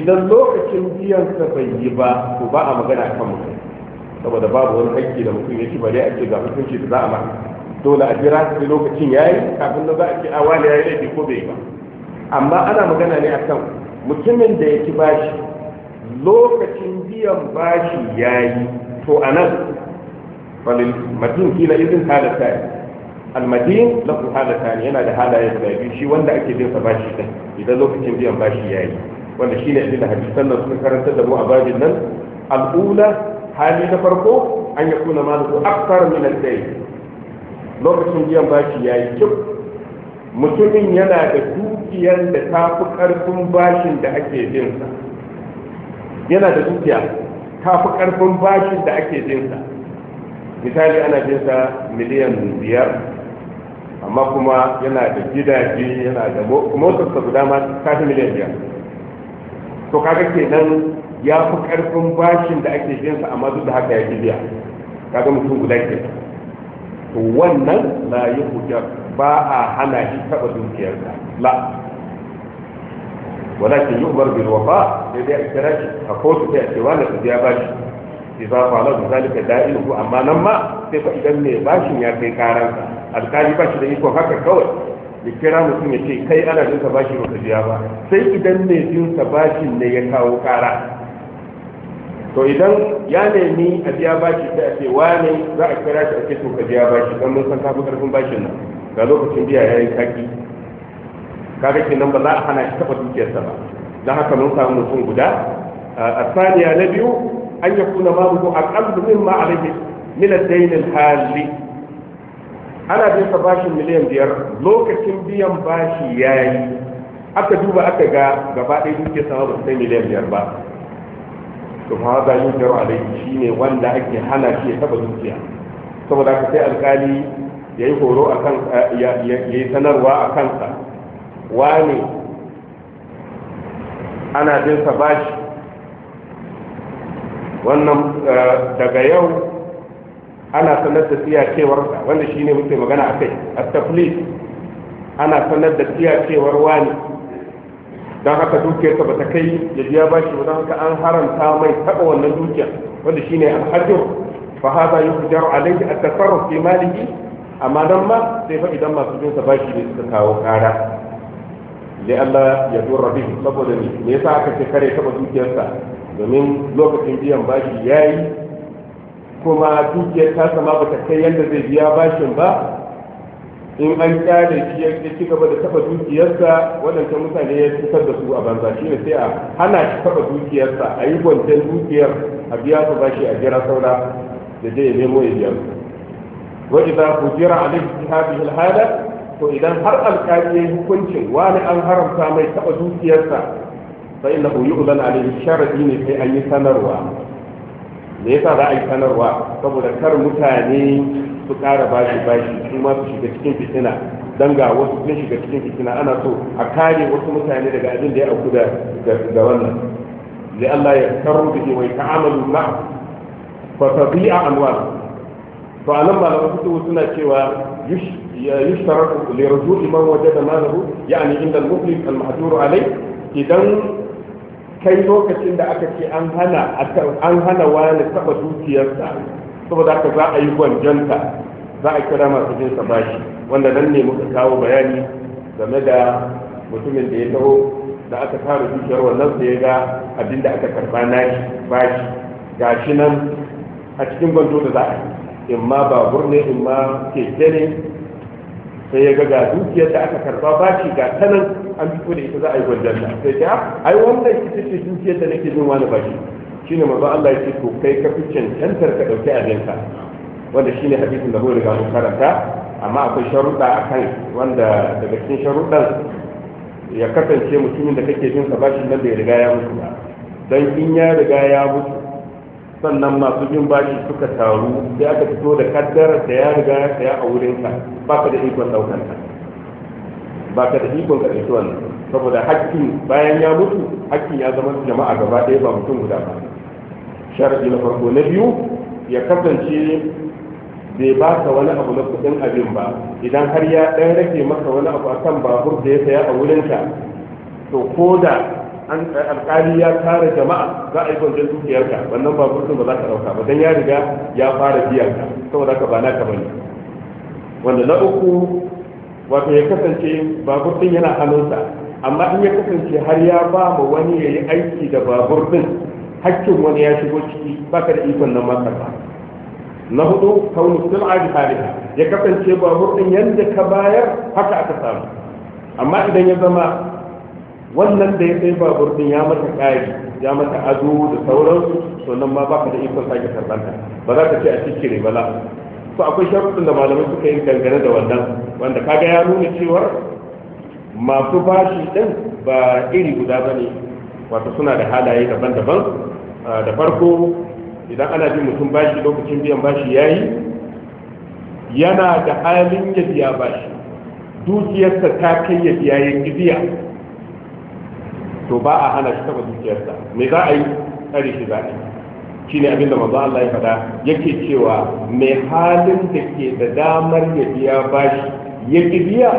[SPEAKER 1] idan lokacin biyan sa bai yi ba to ba a magana kan mutum saboda babu wani hakki da mutum yake bare a ce ga hukunci da za a maka dole a jira sai lokacin yayi kafin da za a ci a wani yayi laifi ko bai ba amma ana magana ne akan mutumin da ya ci bashi lokacin biyan bashi yayi to anan falil madin kila idin halata ne almadin lahu halatan yana da halaye guda biyu shi wanda ake bin sa bashi din idan lokacin biyan bashi yayi wanda shine abin da hadisan nan suka karanta da mu a babin nan al'ula hali na farko an ya kuna maluku aksar min al-dayn lokacin biyan bashi yayi kyau mutumin yana da dukiyar da ta fi karfin bashin da ake jin sa yana da dukiya ta fi karfin bashin da ake jin sa misali ana jin sa miliyan biyar amma kuma yana da gidaje yana da motarsa guda ma ta miliyan biyar to kaga kenan ya fi karfin bashin da ake jinsa amma duk da haka ya biya kaga mutum guda ke to wannan na yi hujja ba a hana shi taɓa da. la walakin yi umar bil wafa sai dai a kira shi a kotu ta a ce wani su biya bashi idza fa'ala zalika ku. amma nan ma sai fa idan mai bashin ya kai karansa alkali bashi da iko haka kawai ya kira mutum ya ce kai ana jinsa bashi ba biya ba sai idan mai jinsa bashin ne ya kawo kara to idan ya nemi a biya bashi sai a ce wane za a kira shi a ce ka biya bashi don mun san kafin karfin bashin nan ga lokacin biya yi kaki kaga kenan ba za a hana shi taba dukiyarsa ba don haka mun samu mutum guda a saniya na biyu an ya kuna ma mutum a ƙasar min ma alaihi min dainin hali ana biyan ka bashin miliyan biyar lokacin biyan bashi ya yi. aka duba aka ga gaba ɗaya dukiyarsa ba ta miliyan biyar ba to fa da yin jaru shi ne wanda ake hana shi ya taba zuciya saboda haka sai alkali ya yi horo a kan ya yi sanarwa a kansa wani ana bin sa bashi wannan eh, daga yau ana sanar da tsiyacewarsa wanda shi ne muke magana a kai a ana sanar da tsiyacewar wani don haka dukiyarsa ba ta kai ya biya bashi ba don haka an haramta mai taɓa wannan dukiya wanda shine alhajjur fa hada yukjar alayhi at-tasarruf fi malihi amma dan ma sai fa idan masu jin sa bashi ne suka kawo kara li Allah ya dora bi saboda ni me yasa aka ce kare taɓa dukiyarsa domin lokacin biyan bashi yayi kuma dukiyar ta sama ba ta kai yadda zai biya bashin ba in an kyale shi ya ci gaba da taba dukiyarsa waɗanda mutane ya fitar da su a banza shi ne sai a hana shi taba dukiyarsa a yi gwantan dukiyar a biya su bashi a jira saura da zai nemo ya biya wa idan ku jira alif hadhihi alhala to idan har alkali ya hukuncin wani an haramta mai taba dukiyarsa fa innahu yu'lan alayhi sharadi ne sai an yi sanarwa me yasa za a yi sanarwa saboda kar mutane su kara bashi bashi su ma su shiga cikin fitina dan ga wasu sun shiga cikin fitina ana so a kare wasu mutane daga abin da ya auku da da wannan li Allah ya karu da wai ta'amalu ma fa tabi'a anwar to anan malamu su suna cewa yushtaratu li rujui man wajada malahu yani inda al-muqlim al mahduru alai idan kai lokacin da aka ce an hana an hana wani taba dukiyarsa saboda haka za a yi gwanjanta za a kira masu jin sa bashi wanda nan ne muka kawo bayani game da mutumin da ya taho da aka fara dukiyar wannan sai ya ga abin da aka karba nashi bashi gashi nan a cikin gwanto da za a yi in ma babur ne in ma keke ne sai ya ga ga dukiyar da aka karba bashi ga nan an fito da ita za a yi gwanjanta sai ta ah, ai wannan ita ce dukiyar da nake jin wani bashi shine manzo Allah yake to kai ka fi cancantar ka a abinka wanda shine hadisin da mu riga karanta amma akwai sharuɗa akan wanda daga cikin sharuɗan ya kasance mutumin da kake jin sa bashin nan da ya riga ya mutu ba dan in ya riga ya mutu sannan masu jin bashi suka taru sai aka fito da kaddarar da ya riga ya saya a wurinka ba ka da ikon daukar ka ba ka da ikon karɓi wannan saboda hakkin bayan ya mutu hakkin ya zama jama'a gaba ɗaya ba mutum guda ba sharadi na farko na biyu ya kasance bai ba ka wani abu na kudin abin ba idan har ya ɗan rage maka wani abu akan babur da ya saya a wurinka to ko da alƙali alkali ya tara jama'a za a yi kwanciyar dukiyarka wannan babur ba za ka ɗauka ba don ya riga ya fara biyan ka saboda ka ba ka bane wanda na uku wato ya kasance babur din yana hannunsa amma in ya kasance har ya ba mu wani ya yi aiki da babur din hakkin wani ya shigo ciki baka da ikon nan maka ba na hudu kaunu sil'a bi haliha ya kasance babur din yadda ka bayar haka aka samu amma idan ya zama wannan da ya sai babur ɗin ya mata kai ya mata azu da sauransu to nan ma baka da ikon sake karbanta ba za ka ce a cikin ba la to akwai sharuɗin da malamai suka yi dangane da wannan wanda kaga ya nuna cewa masu bashi ɗin ba iri guda ba ne wato suna da halaye daban-daban da farko idan ana jin mutum bashi lokacin biyan bashi ya yi yana da halin ya biya bashi dukiyarsa ta kai ya biya ya biya to ba a hana shi taba dukiyarsa me za a yi tsari shi za a ne abinda manzo Allah ya faɗa yake cewa mai halin da ke da damar ya biya bashi ya biya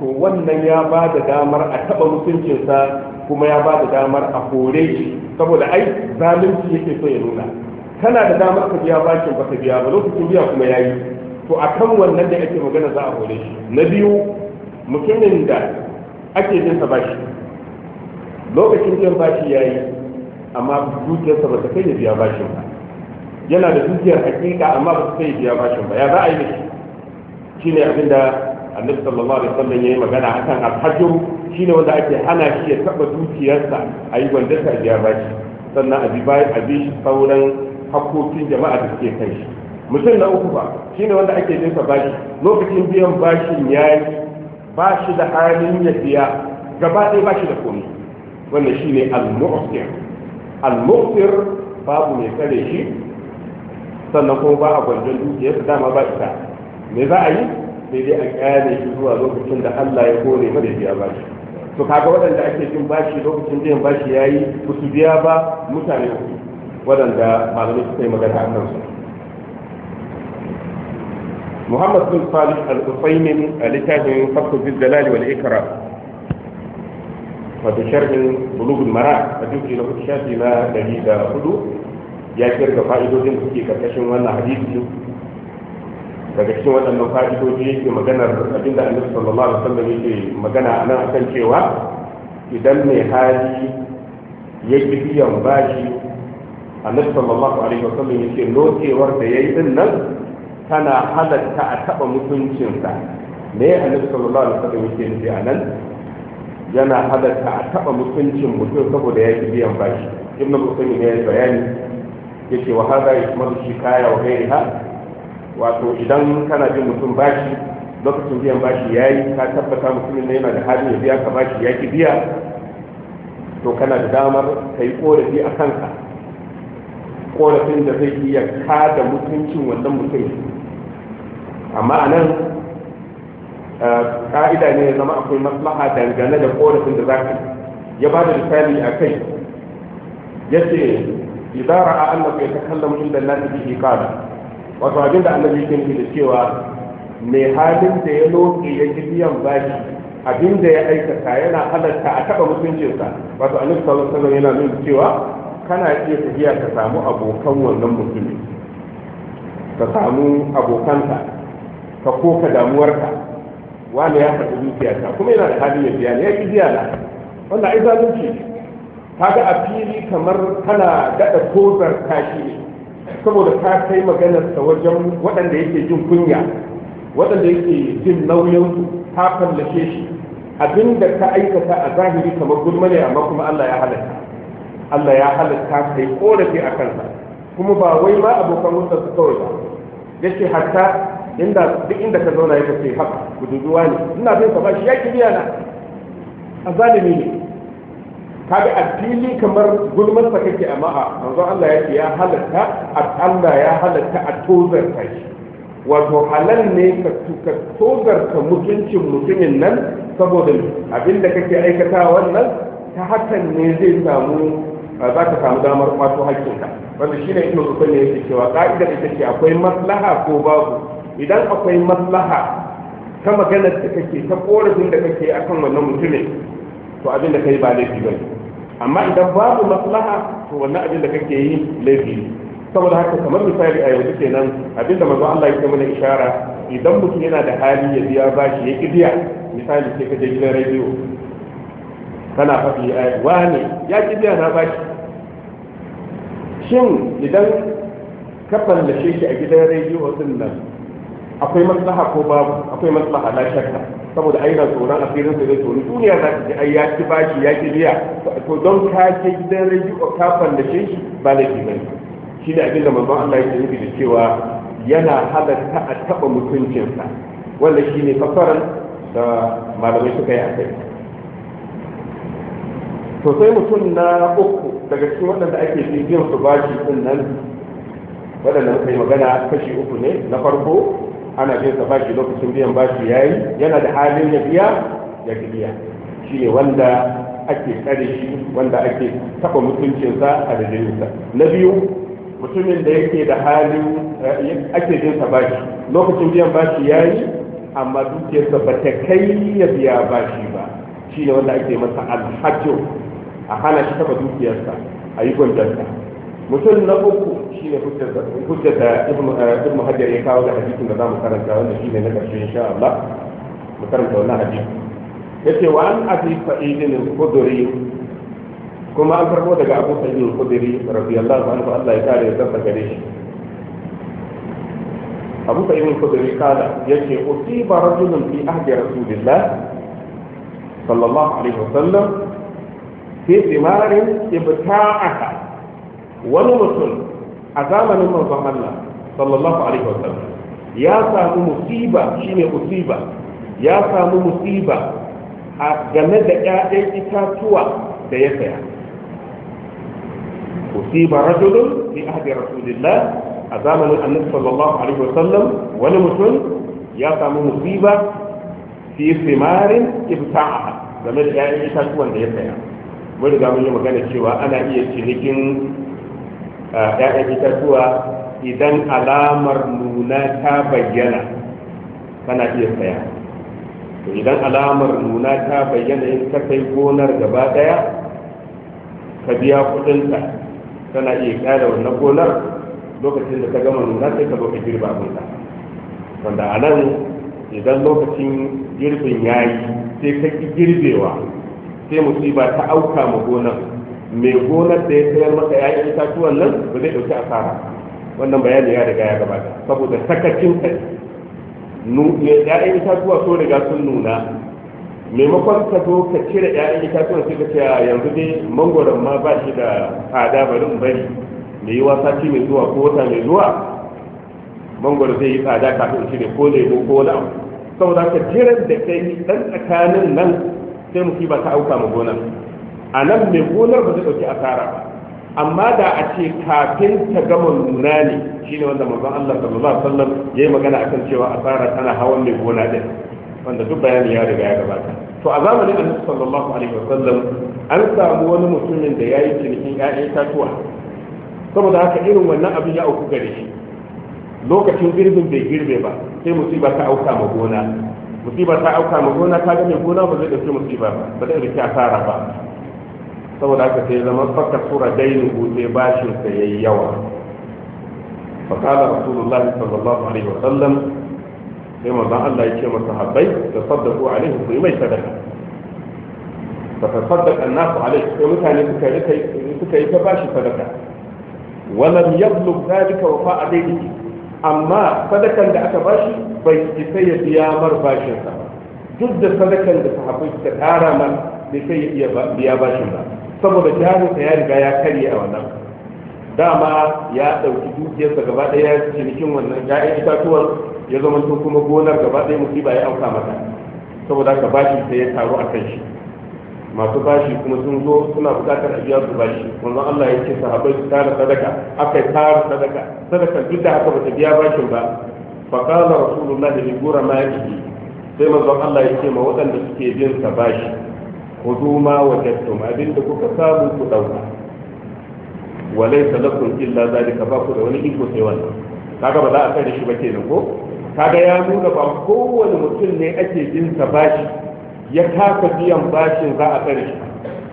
[SPEAKER 1] to wannan ya ba da damar a taba mutuncinsa kuma ya ba da damar a hore shi saboda ai zalunci yake so ya nuna kana da damar ka biya bakin ba ka biya ba lokacin biya kuma ya yi to a kan wannan da ake magana za a hore shi na biyu mutumin da ake jin sa bashi lokacin biyan bashi ya yi amma dukiyarsa ba ta kai ya biya bashin ba yana da dukiyar hakika amma ba ta kai ya biya bashin ba ya za a yi da shi shine abin da annabi sallallahu alaihi wasallam yayi magana akan alhajj shine wanda ake hana shi ya taba dukiyarsa a yi gwandata a biya bashi sannan a bi a bi sauran hakokin jama'a da suke kai shi mutum na uku ba shine wanda ake sa bashi lokacin biyan bashin yayi ba shi da halin ya biya gaba ɗaya ba shi da komai wannan shine al-mu'sir al-mu'sir babu mai tsare shi sannan kuma ba a gwanjon dukiyarsa dama ba ita me za a yi sai dai a kyale shi zuwa lokacin da Allah ya kore mai biya bashi to kaga waɗanda ake jin bashi lokacin biyan bashi ya yi su biya ba mutane uku waɗanda malamai suka yi magana a kansu Muhammad bin Salih al-Usaimin a littafin Fakhru bil Jalal wal Ikram wato sharhin bulugul mara a duk na shafi na dari da hudu ya kirga fa'idodin da suke karkashin wannan hadisi daga cikin waɗannan fa'idoji yake maganar abinda annabi sallallahu alaihi wasallam yake magana a nan akan cewa idan mai hali ya ki biyan bashi annabi sallallahu alaihi wasallam yake lokewar da yayi din nan tana halatta a taɓa mutuncinsa me annabi sallallahu alaihi wasallam yake nufi a nan yana halatta a taɓa mutuncin mutum saboda ya ki biyan bashi ibnu musayyib ya yi bayani yace wa hada shi kaya wa ghayriha wato idan kana bin mutum bashi lokacin biyan bashi ya yi ka tabbata mutumin na yana da halin ya biya ka bashi ya ki biya to kana da damar ka yi korafi a kanka korafin da zai iya da mutuncin wannan mutum amma a nan ka'ida eh, ne ya zama akwai maslaha dangane da korafin da za ka ya ba da misali a kai ya ce idara a annabi ya ta kallon inda nasi bihi qala wato abin da annabi yake nufi da cewa mai halin da ya loke ya ji biyan bashi abin da ya aikata yana halarta a taɓa mutuncinsa wato annabi sallallahu alaihi wasallam yana nuna cewa kana iya tafiya ka samu abokan wannan mutumin ka samu abokanka ka koka damuwarka wani ya faɗi dukiyarka kuma yana da halin ya biya ne ya ki biya na wanda ai zalunci kaga a fili kamar kana daɗa tozar kashi ne saboda ta kai maganarsa wajen waɗanda yake jin kunya waɗanda yake jin nauyin ta fallashe shi abinda ka aikata a zahiri kamar gulma ne amma kuma Allah ya halatta Allah ya halatta kai korafi a kansa kuma ba wai ma abokan wuta su kawai ba yake hatta inda duk inda ka zauna yake ce haka gududuwa ne ina bin ka ba shi ya kibiya na azalimi ne kaga addini kamar gulmar sa kake amma a manzo Allah yake ya halatta Allah ya halatta a tozar ta shi wato halal ne ka tuka tozar ka mutuncin mutumin nan saboda abinda kake aikata wannan ta hakan ne zai samu za ka samu damar kwato ka? wanda shine ibnu ne yake cewa ka'idar ita ce akwai maslaha ko babu idan akwai maslaha ta maganar da kake ta korafin da kake akan wannan mutumin to abin da kai ba laifi bane amma idan babu maslaha to wannan abin da kake yi laifi ne saboda haka kamar misali a yanzu kenan abinda manzo Allah ya mana ishara idan mutum yana da hali ya biya bashi ya kidiya misali sai ka je gidan rediyo kana faɗi a wani ya kidiya na bashi shin idan ka fallashe shi a gidan rediyo din nan akwai maslaha ko babu akwai maslaha na shakka saboda aina tsoron a filin da zai tsoro duniya za ta ce ai ya ci bashi ya ki biya to don ka ke gidan ko ka da shi ba ke bane shi ne abin da manzon Allah nufi da cewa yana halatta a taba mutuncinsa wanda shi ne fasaran da malamai suka yi a kai to sai mutum na uku daga cikin waɗanda ake jin su bashi ɗin nan waɗanda muka yi magana kashi uku ne na farko ana bin sa bashi lokacin biyan bashi yi yana da halin ya biya ya biya shi ne wanda ake tsare shi wanda ake taba mutuncinsa a dalilinsa na biyu mutumin da yake da halin eh, ake jin sa bashi lokacin biyan bashi yi amma dukiyarsa ba ta kai ya biya bashi ba shi ne wanda ake masa alhajjo a hana shi taba dukiyarsa a yi gwanjarsa mutum na uku shine hujjar da ibn hajar ya kawo da hadisin da za mu karanta wanda shine na karshe insha Allah mu karanta wannan hadisi yace wa an abi sa'idin al-khudri kuma an farko daga abu sa'id al-khudri radiyallahu anhu Allah ya kare da gare shi abu sa'id al-khudri kada yace usiba rajulun fi ahdi rasulillah sallallahu alaihi wasallam fi thimar ibta'aha wani mutum a zamanin manzon Allah sallallahu alaihi wasallam ya samu musiba shine musiba ya samu musiba a game da ƴaƴan itatuwa da ya saya musiba rajulun fi ahdi rasulillah a zamanin annabi sallallahu alaihi wasallam wani mutum ya samu musiba fi simarin ibta'a game da ƴaƴan itatuwan da ya saya mun riga mun yi magana cewa ana iya cinikin ya'yan itatuwa idan alamar nuna ta bayyana kana iya saya to idan alamar nuna ta bayyana in ka kai gonar gaba daya ka biya kudinta kana iya kyara wannan gonar lokacin da ka gama nuna sai ka zo ka girba abinka wanda a nan idan lokacin girbin ya yi sai ka girbewa sai musiba ta auka ma gonar mai gonar da ya sayar masa ya'yan itatuwan nan ba zai dauki asara wannan bayani ya riga ya gabata saboda sakacin ta ya'yan itatuwa so riga sun nuna maimakon ka zo ka cire ya'yan itatuwan sai ka ce yanzu dai mangoron ma ba shi da tsada bari in bari mai yi wasa ci mai zuwa ko wata mai zuwa mangoro zai yi tsada kafin shi ne ko lebo ko wani abu saboda ka jiran da kai dan tsakanin nan sai musiba ta auka ma gonar a nan mai gonar ba zai ɗauki asara ba amma da a ce kafin ta gama nuna ne shine wanda manzon Allah sallallahu alaihi wasallam yi magana akan cewa asara tana hawan mai gona din wanda duk bayani ya riga ya gabata to a zamanin Annabi sallallahu alaihi wasallam an samu wani mutumin da yayi cinikin ƴaƴan tatuwa saboda haka irin wannan abin ya auku gare shi lokacin girbin bai girbe ba sai musiba ta auka ma gona musiba ta auka ma gona ta ga mai gona ba zai dauke musiba ba ba zai dauke asara ba saboda haka sai zama faka sura dainu sai bashin sa yayi yawa fa kana rasulullah sallallahu alaihi wasallam sai manzon Allah ya ce masa habbai da saddaqu alaihi ku yi mai sadaka fa tasaddaqa an-nas alaihi sai mutane suka yi suka yi ta bashi sadaka walam yablugh dhalika wafa'a dayni amma sadakan da aka bashi bai isa ya biya mar bashin sa duk da sadakan da sahabbai suka tara man bai sai ya biya bashin ba saboda jarinsa ya riga ya karye a wannan dama ya ɗauki dukiyarsa gaba ɗaya ya cinikin wannan ya'yan itatuwar ya zama to kuma gonar gaba ɗaya musiba ya auka mata saboda haka bashi sai ya taru a kan shi masu bashi kuma sun zo suna buƙatar a biya su bashi wanzan Allah ya ce sahabbai su tara sadaka aka tara sadaka sadaka duk da haka bata biya bashin ba faƙalar rasulullahi ni gura ma ya sai manzon Allah ya ce ma waɗanda suke bin sa bashi خذوا ما وجدتم أبين لكم كتابوا كتابوا وليس لكم إلا ذلك فاقوا لوني إنكو سيوانا kaga ba za a da shi ba kenan ko kaga ya nuna ba kowane mutum ne ake jin sa bashi ya kasa biyan bashin za a tsare shi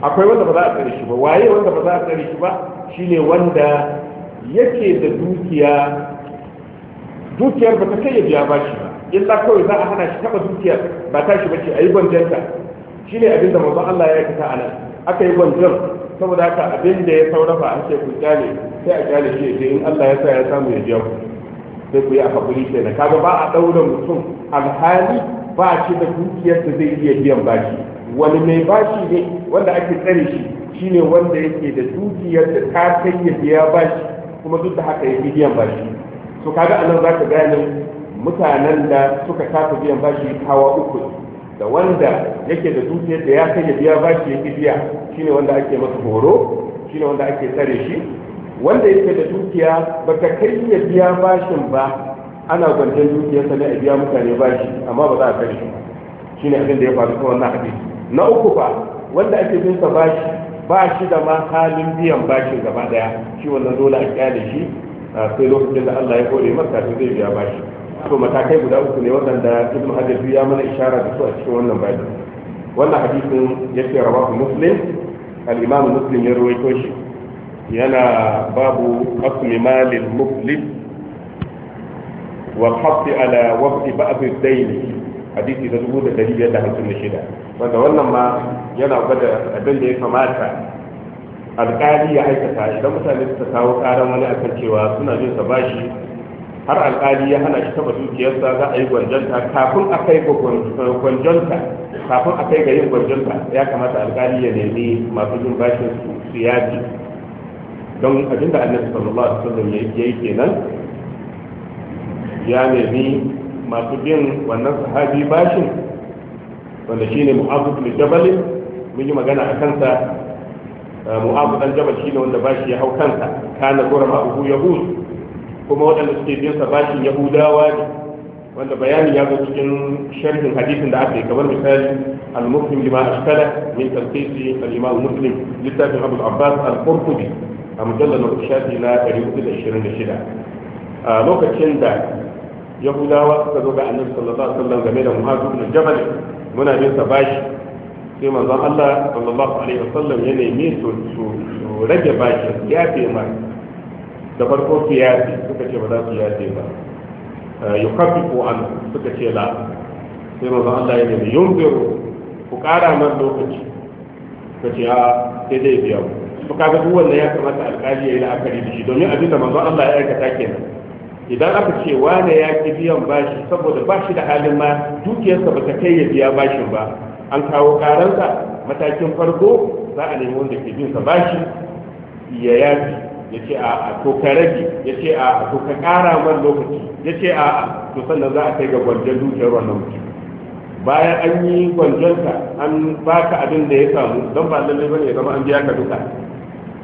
[SPEAKER 1] akwai wanda ba za a tsare shi ba waye wanda ba za a tsare shi ba shine wanda yake da dukiya dukiyar ba ta kai ya biya bashi ba in illa kawai za a hana shi taba dukiya ba ta shi bace ayi gwanjanta shine abin da manzon Allah ya aikata anan aka yi gwanjon saboda haka abin da ya saurafa a ce ku kyale sai a kyale shi ya in Allah ya sa ya samu ya jiya sai ku yi a ke na kaga ba a ɗaura mutum alhali ba shi da dukiyar da zai iya biyan bashi wani mai bashi ne wanda ake tsare shi shi ne wanda yake da dukiyar da ta kai ya biya bashi kuma duk da haka ya biyan bashi su kaga anan zaka gane mutanen da suka kafa biyan bashi kawa uku da wanda yake da dukiyar da ya kai biya shi yake biya shine wanda ake masa horo shine wanda ake tsare shi wanda yake da dukiya ba ta kai ya biya bashin ba ana gwanjan sa ne a biya mutane bashi amma ba za a tsare shi shine abin da ya faru ta wannan hadisi na uku ba, wanda ake bin sa bashi ba shi da ma halin biyan bashin gaba daya shi wannan dole a kyale shi sai lokacin da Allah ya kore masa zai biya bashi to matakai guda uku ne waɗanda ibn hajar ya mana ishara da su a cikin wannan bayani wannan hadisin ya ce rawahu muslim al-imam muslim ya rawaito shi yana babu asmi malil muflis wa hafi ala waqti ba'd ad-dayn hadisi da dubu da dari biyar da hamsin da shida wanda wannan ma yana gwada abin da ya kamata alƙali ya aikata idan mutane suka kawo ƙaran wani akan cewa suna jin sa bashi har alƙali ya hana shi taɓa dukiyarsa za a yi gwanjonta kafin a kai ga eh, gwanjanta kafin a kai ga yin gwanjonta ya kamata alƙali ya nemi masu jin bashin su yaji don abin da annabi sallallahu alaihi wasallam ya yi kenan ya nemi masu bin wannan sahabi bashin wanda shine mu'azu bin jabal mun yi magana a kansa eh, mu'azu dan jabal shine wanda bashi ya hau kansa kana gurma abu yahud kuma waɗanda suke bin sa bashin yahudawa ne wanda bayani ya zo cikin sharhin hadisin da aka yi kamar misali al-muslim lima ashkala min tafsiri al-imam muslim littafin abu abbas al-qurtubi a mujallar na shafi na 426 a lokacin da yahudawa suka zo ga annabi sallallahu alaihi wasallam game da muhazu bin jabal muna bin sa bashi sai manzon Allah sallallahu alaihi wasallam ya nemi su rage bashi ya fi mai da farko su yafe suka ce ba za su yafe ba eh, yi kafi ko an suka ce la sai mazu Allah ya nemi yun zero ku kara nan lokaci ka ce a sai dai biya ku kaga duk wanda ya kamata alkali ya yi la'akari da shi domin abin da manzo Allah ya aikata kenan idan aka ce wane ya ki biyan bashi saboda bashi da halin ma dukiyarsa ba ta kai ya biya bashin ba an kawo karansa matakin farko za a nemi wanda ke bin sa bashi ya yaki ya ce a to ka rage ya ce a to ka ƙara man lokaci ya ce a to sannan za a kai ga gwanjan dukiyar wannan mutum bayan an yi gwanjanka an baka abin da ya samu don ba lallai bane ya zama an biya ka duka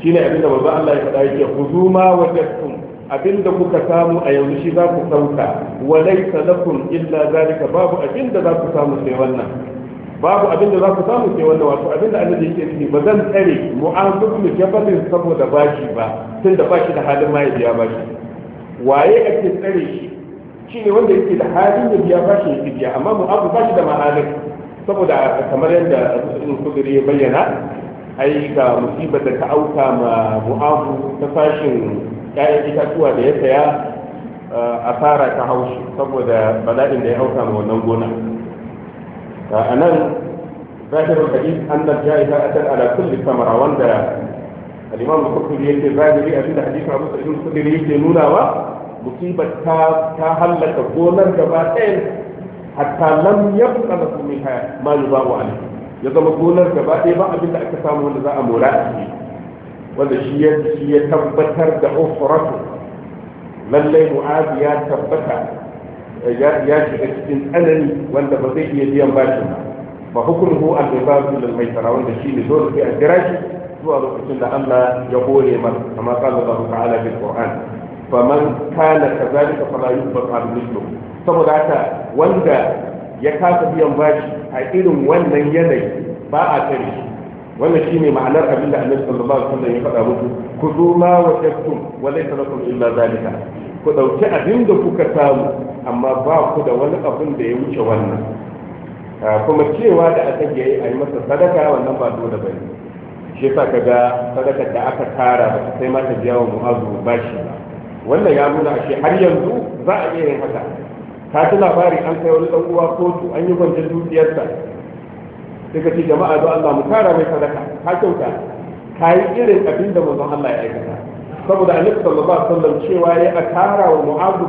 [SPEAKER 1] shine abin da manzo Allah ya faɗa yake huzuma wa tasum abin da kuka samu a yanzu shi za ku sauka wa laysa lakum illa zalika babu abin da za ku samu sai wannan babu abin da za ku samu ke wannan wato abin da annabi yake nufi ba zan tsare mu'azu ke fatin saboda bashi ba tun da bashi da halin mai biya bashi waye ake tsare shi shine wanda yake da halin da biya bashi yake biya amma abu bashi da mahalin saboda kamar yadda ibn kudri ya bayyana ai ga musibar da ta auka ma mu'azu ta fashin ƴaƴan itatuwa da ya saya asara ta haushi saboda bala'in da ya auka ma wannan gona a nan zahirin hadis an da ya ta atar ala kulli samara wanda al-imam al-qurtubi yake zahiri abin da hadisin abu sa'id al-khudri yake nunawa musibar ta ta hallaka gonar gaba ɗayan hatta lam yabqa lahu min ma yubawu alayhi ya zama gonar gaba ɗaya ba abin da aka samu wanda za a mora a ciki wanda shi ya tabbatar da ofuratu lallai mu'adu tabbata ya shiga cikin tsanani wanda ba zai iya biyan bashin ba ba hukunhu al da mai maitara wanda shi ne dole sai a jira shi zuwa lokacin da Allah ya hore masa kama qala Allah ta'ala bil Qur'an faman kana kazalika fala yubqa mithlu saboda haka wanda ya kasa biyan bashi a irin wannan yanayi ba a tare shi wannan ne ma'anar abin da annabi sallallahu alaihi wasallam ya faɗa muku ku zo ma wajadtum wa laysa lakum illa zalika ku dauki abin da kuka samu amma ba ku da wani abin da ya wuce wannan ah, kuma cewa da aka yi a yi masa sadaka wannan ba dole ba shi yasa kaga sadakar da aka tara ba sai ma ta biya wa mu'azu bashi ba wannan ya nuna ashe har yanzu za a iya yin haka ka ji labari an kai wani dan uwa kotu an yi gwanjan dukiyarsa Daga ce jama'a zuwa Allah mu tara mai sadaka ka kyauta ka yi irin abin da manzon Allah ya aikata saboda annabi sallallahu alaihi wasallam cewa ya a tara wa mu'azu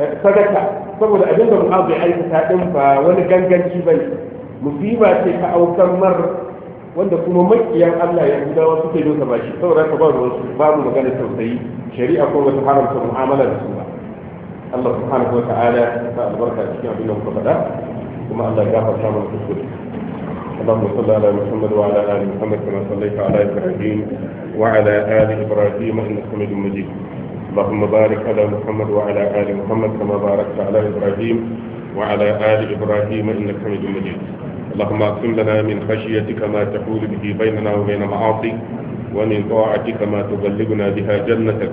[SPEAKER 1] eh, sadaka saboda abin da mu'azu ya aikata din ba wani ganganci ba bane musiba ce ka aukar mar wanda kuma makiyan Allah ya wasu ke dosa ba shi saboda ka ba ba mu magana tausayi shari'a ko wata haramta mu'amala da su ba Allah subhanahu wa ta'ala ya sa albarka cikin abin da muka faɗa kuma Allah ya gafarta mana kuskure اللهم صل على محمد وعلى ال محمد كما صليت على ابراهيم وعلى ال ابراهيم انك حميد مجيد اللهم بارك على محمد وعلى ال محمد كما باركت على ابراهيم وعلى ال ابراهيم انك حميد مجيد اللهم اقسم لنا من خشيتك ما تحول به بيننا وبين معاصيك ومن طاعتك ما تبلغنا بها جنتك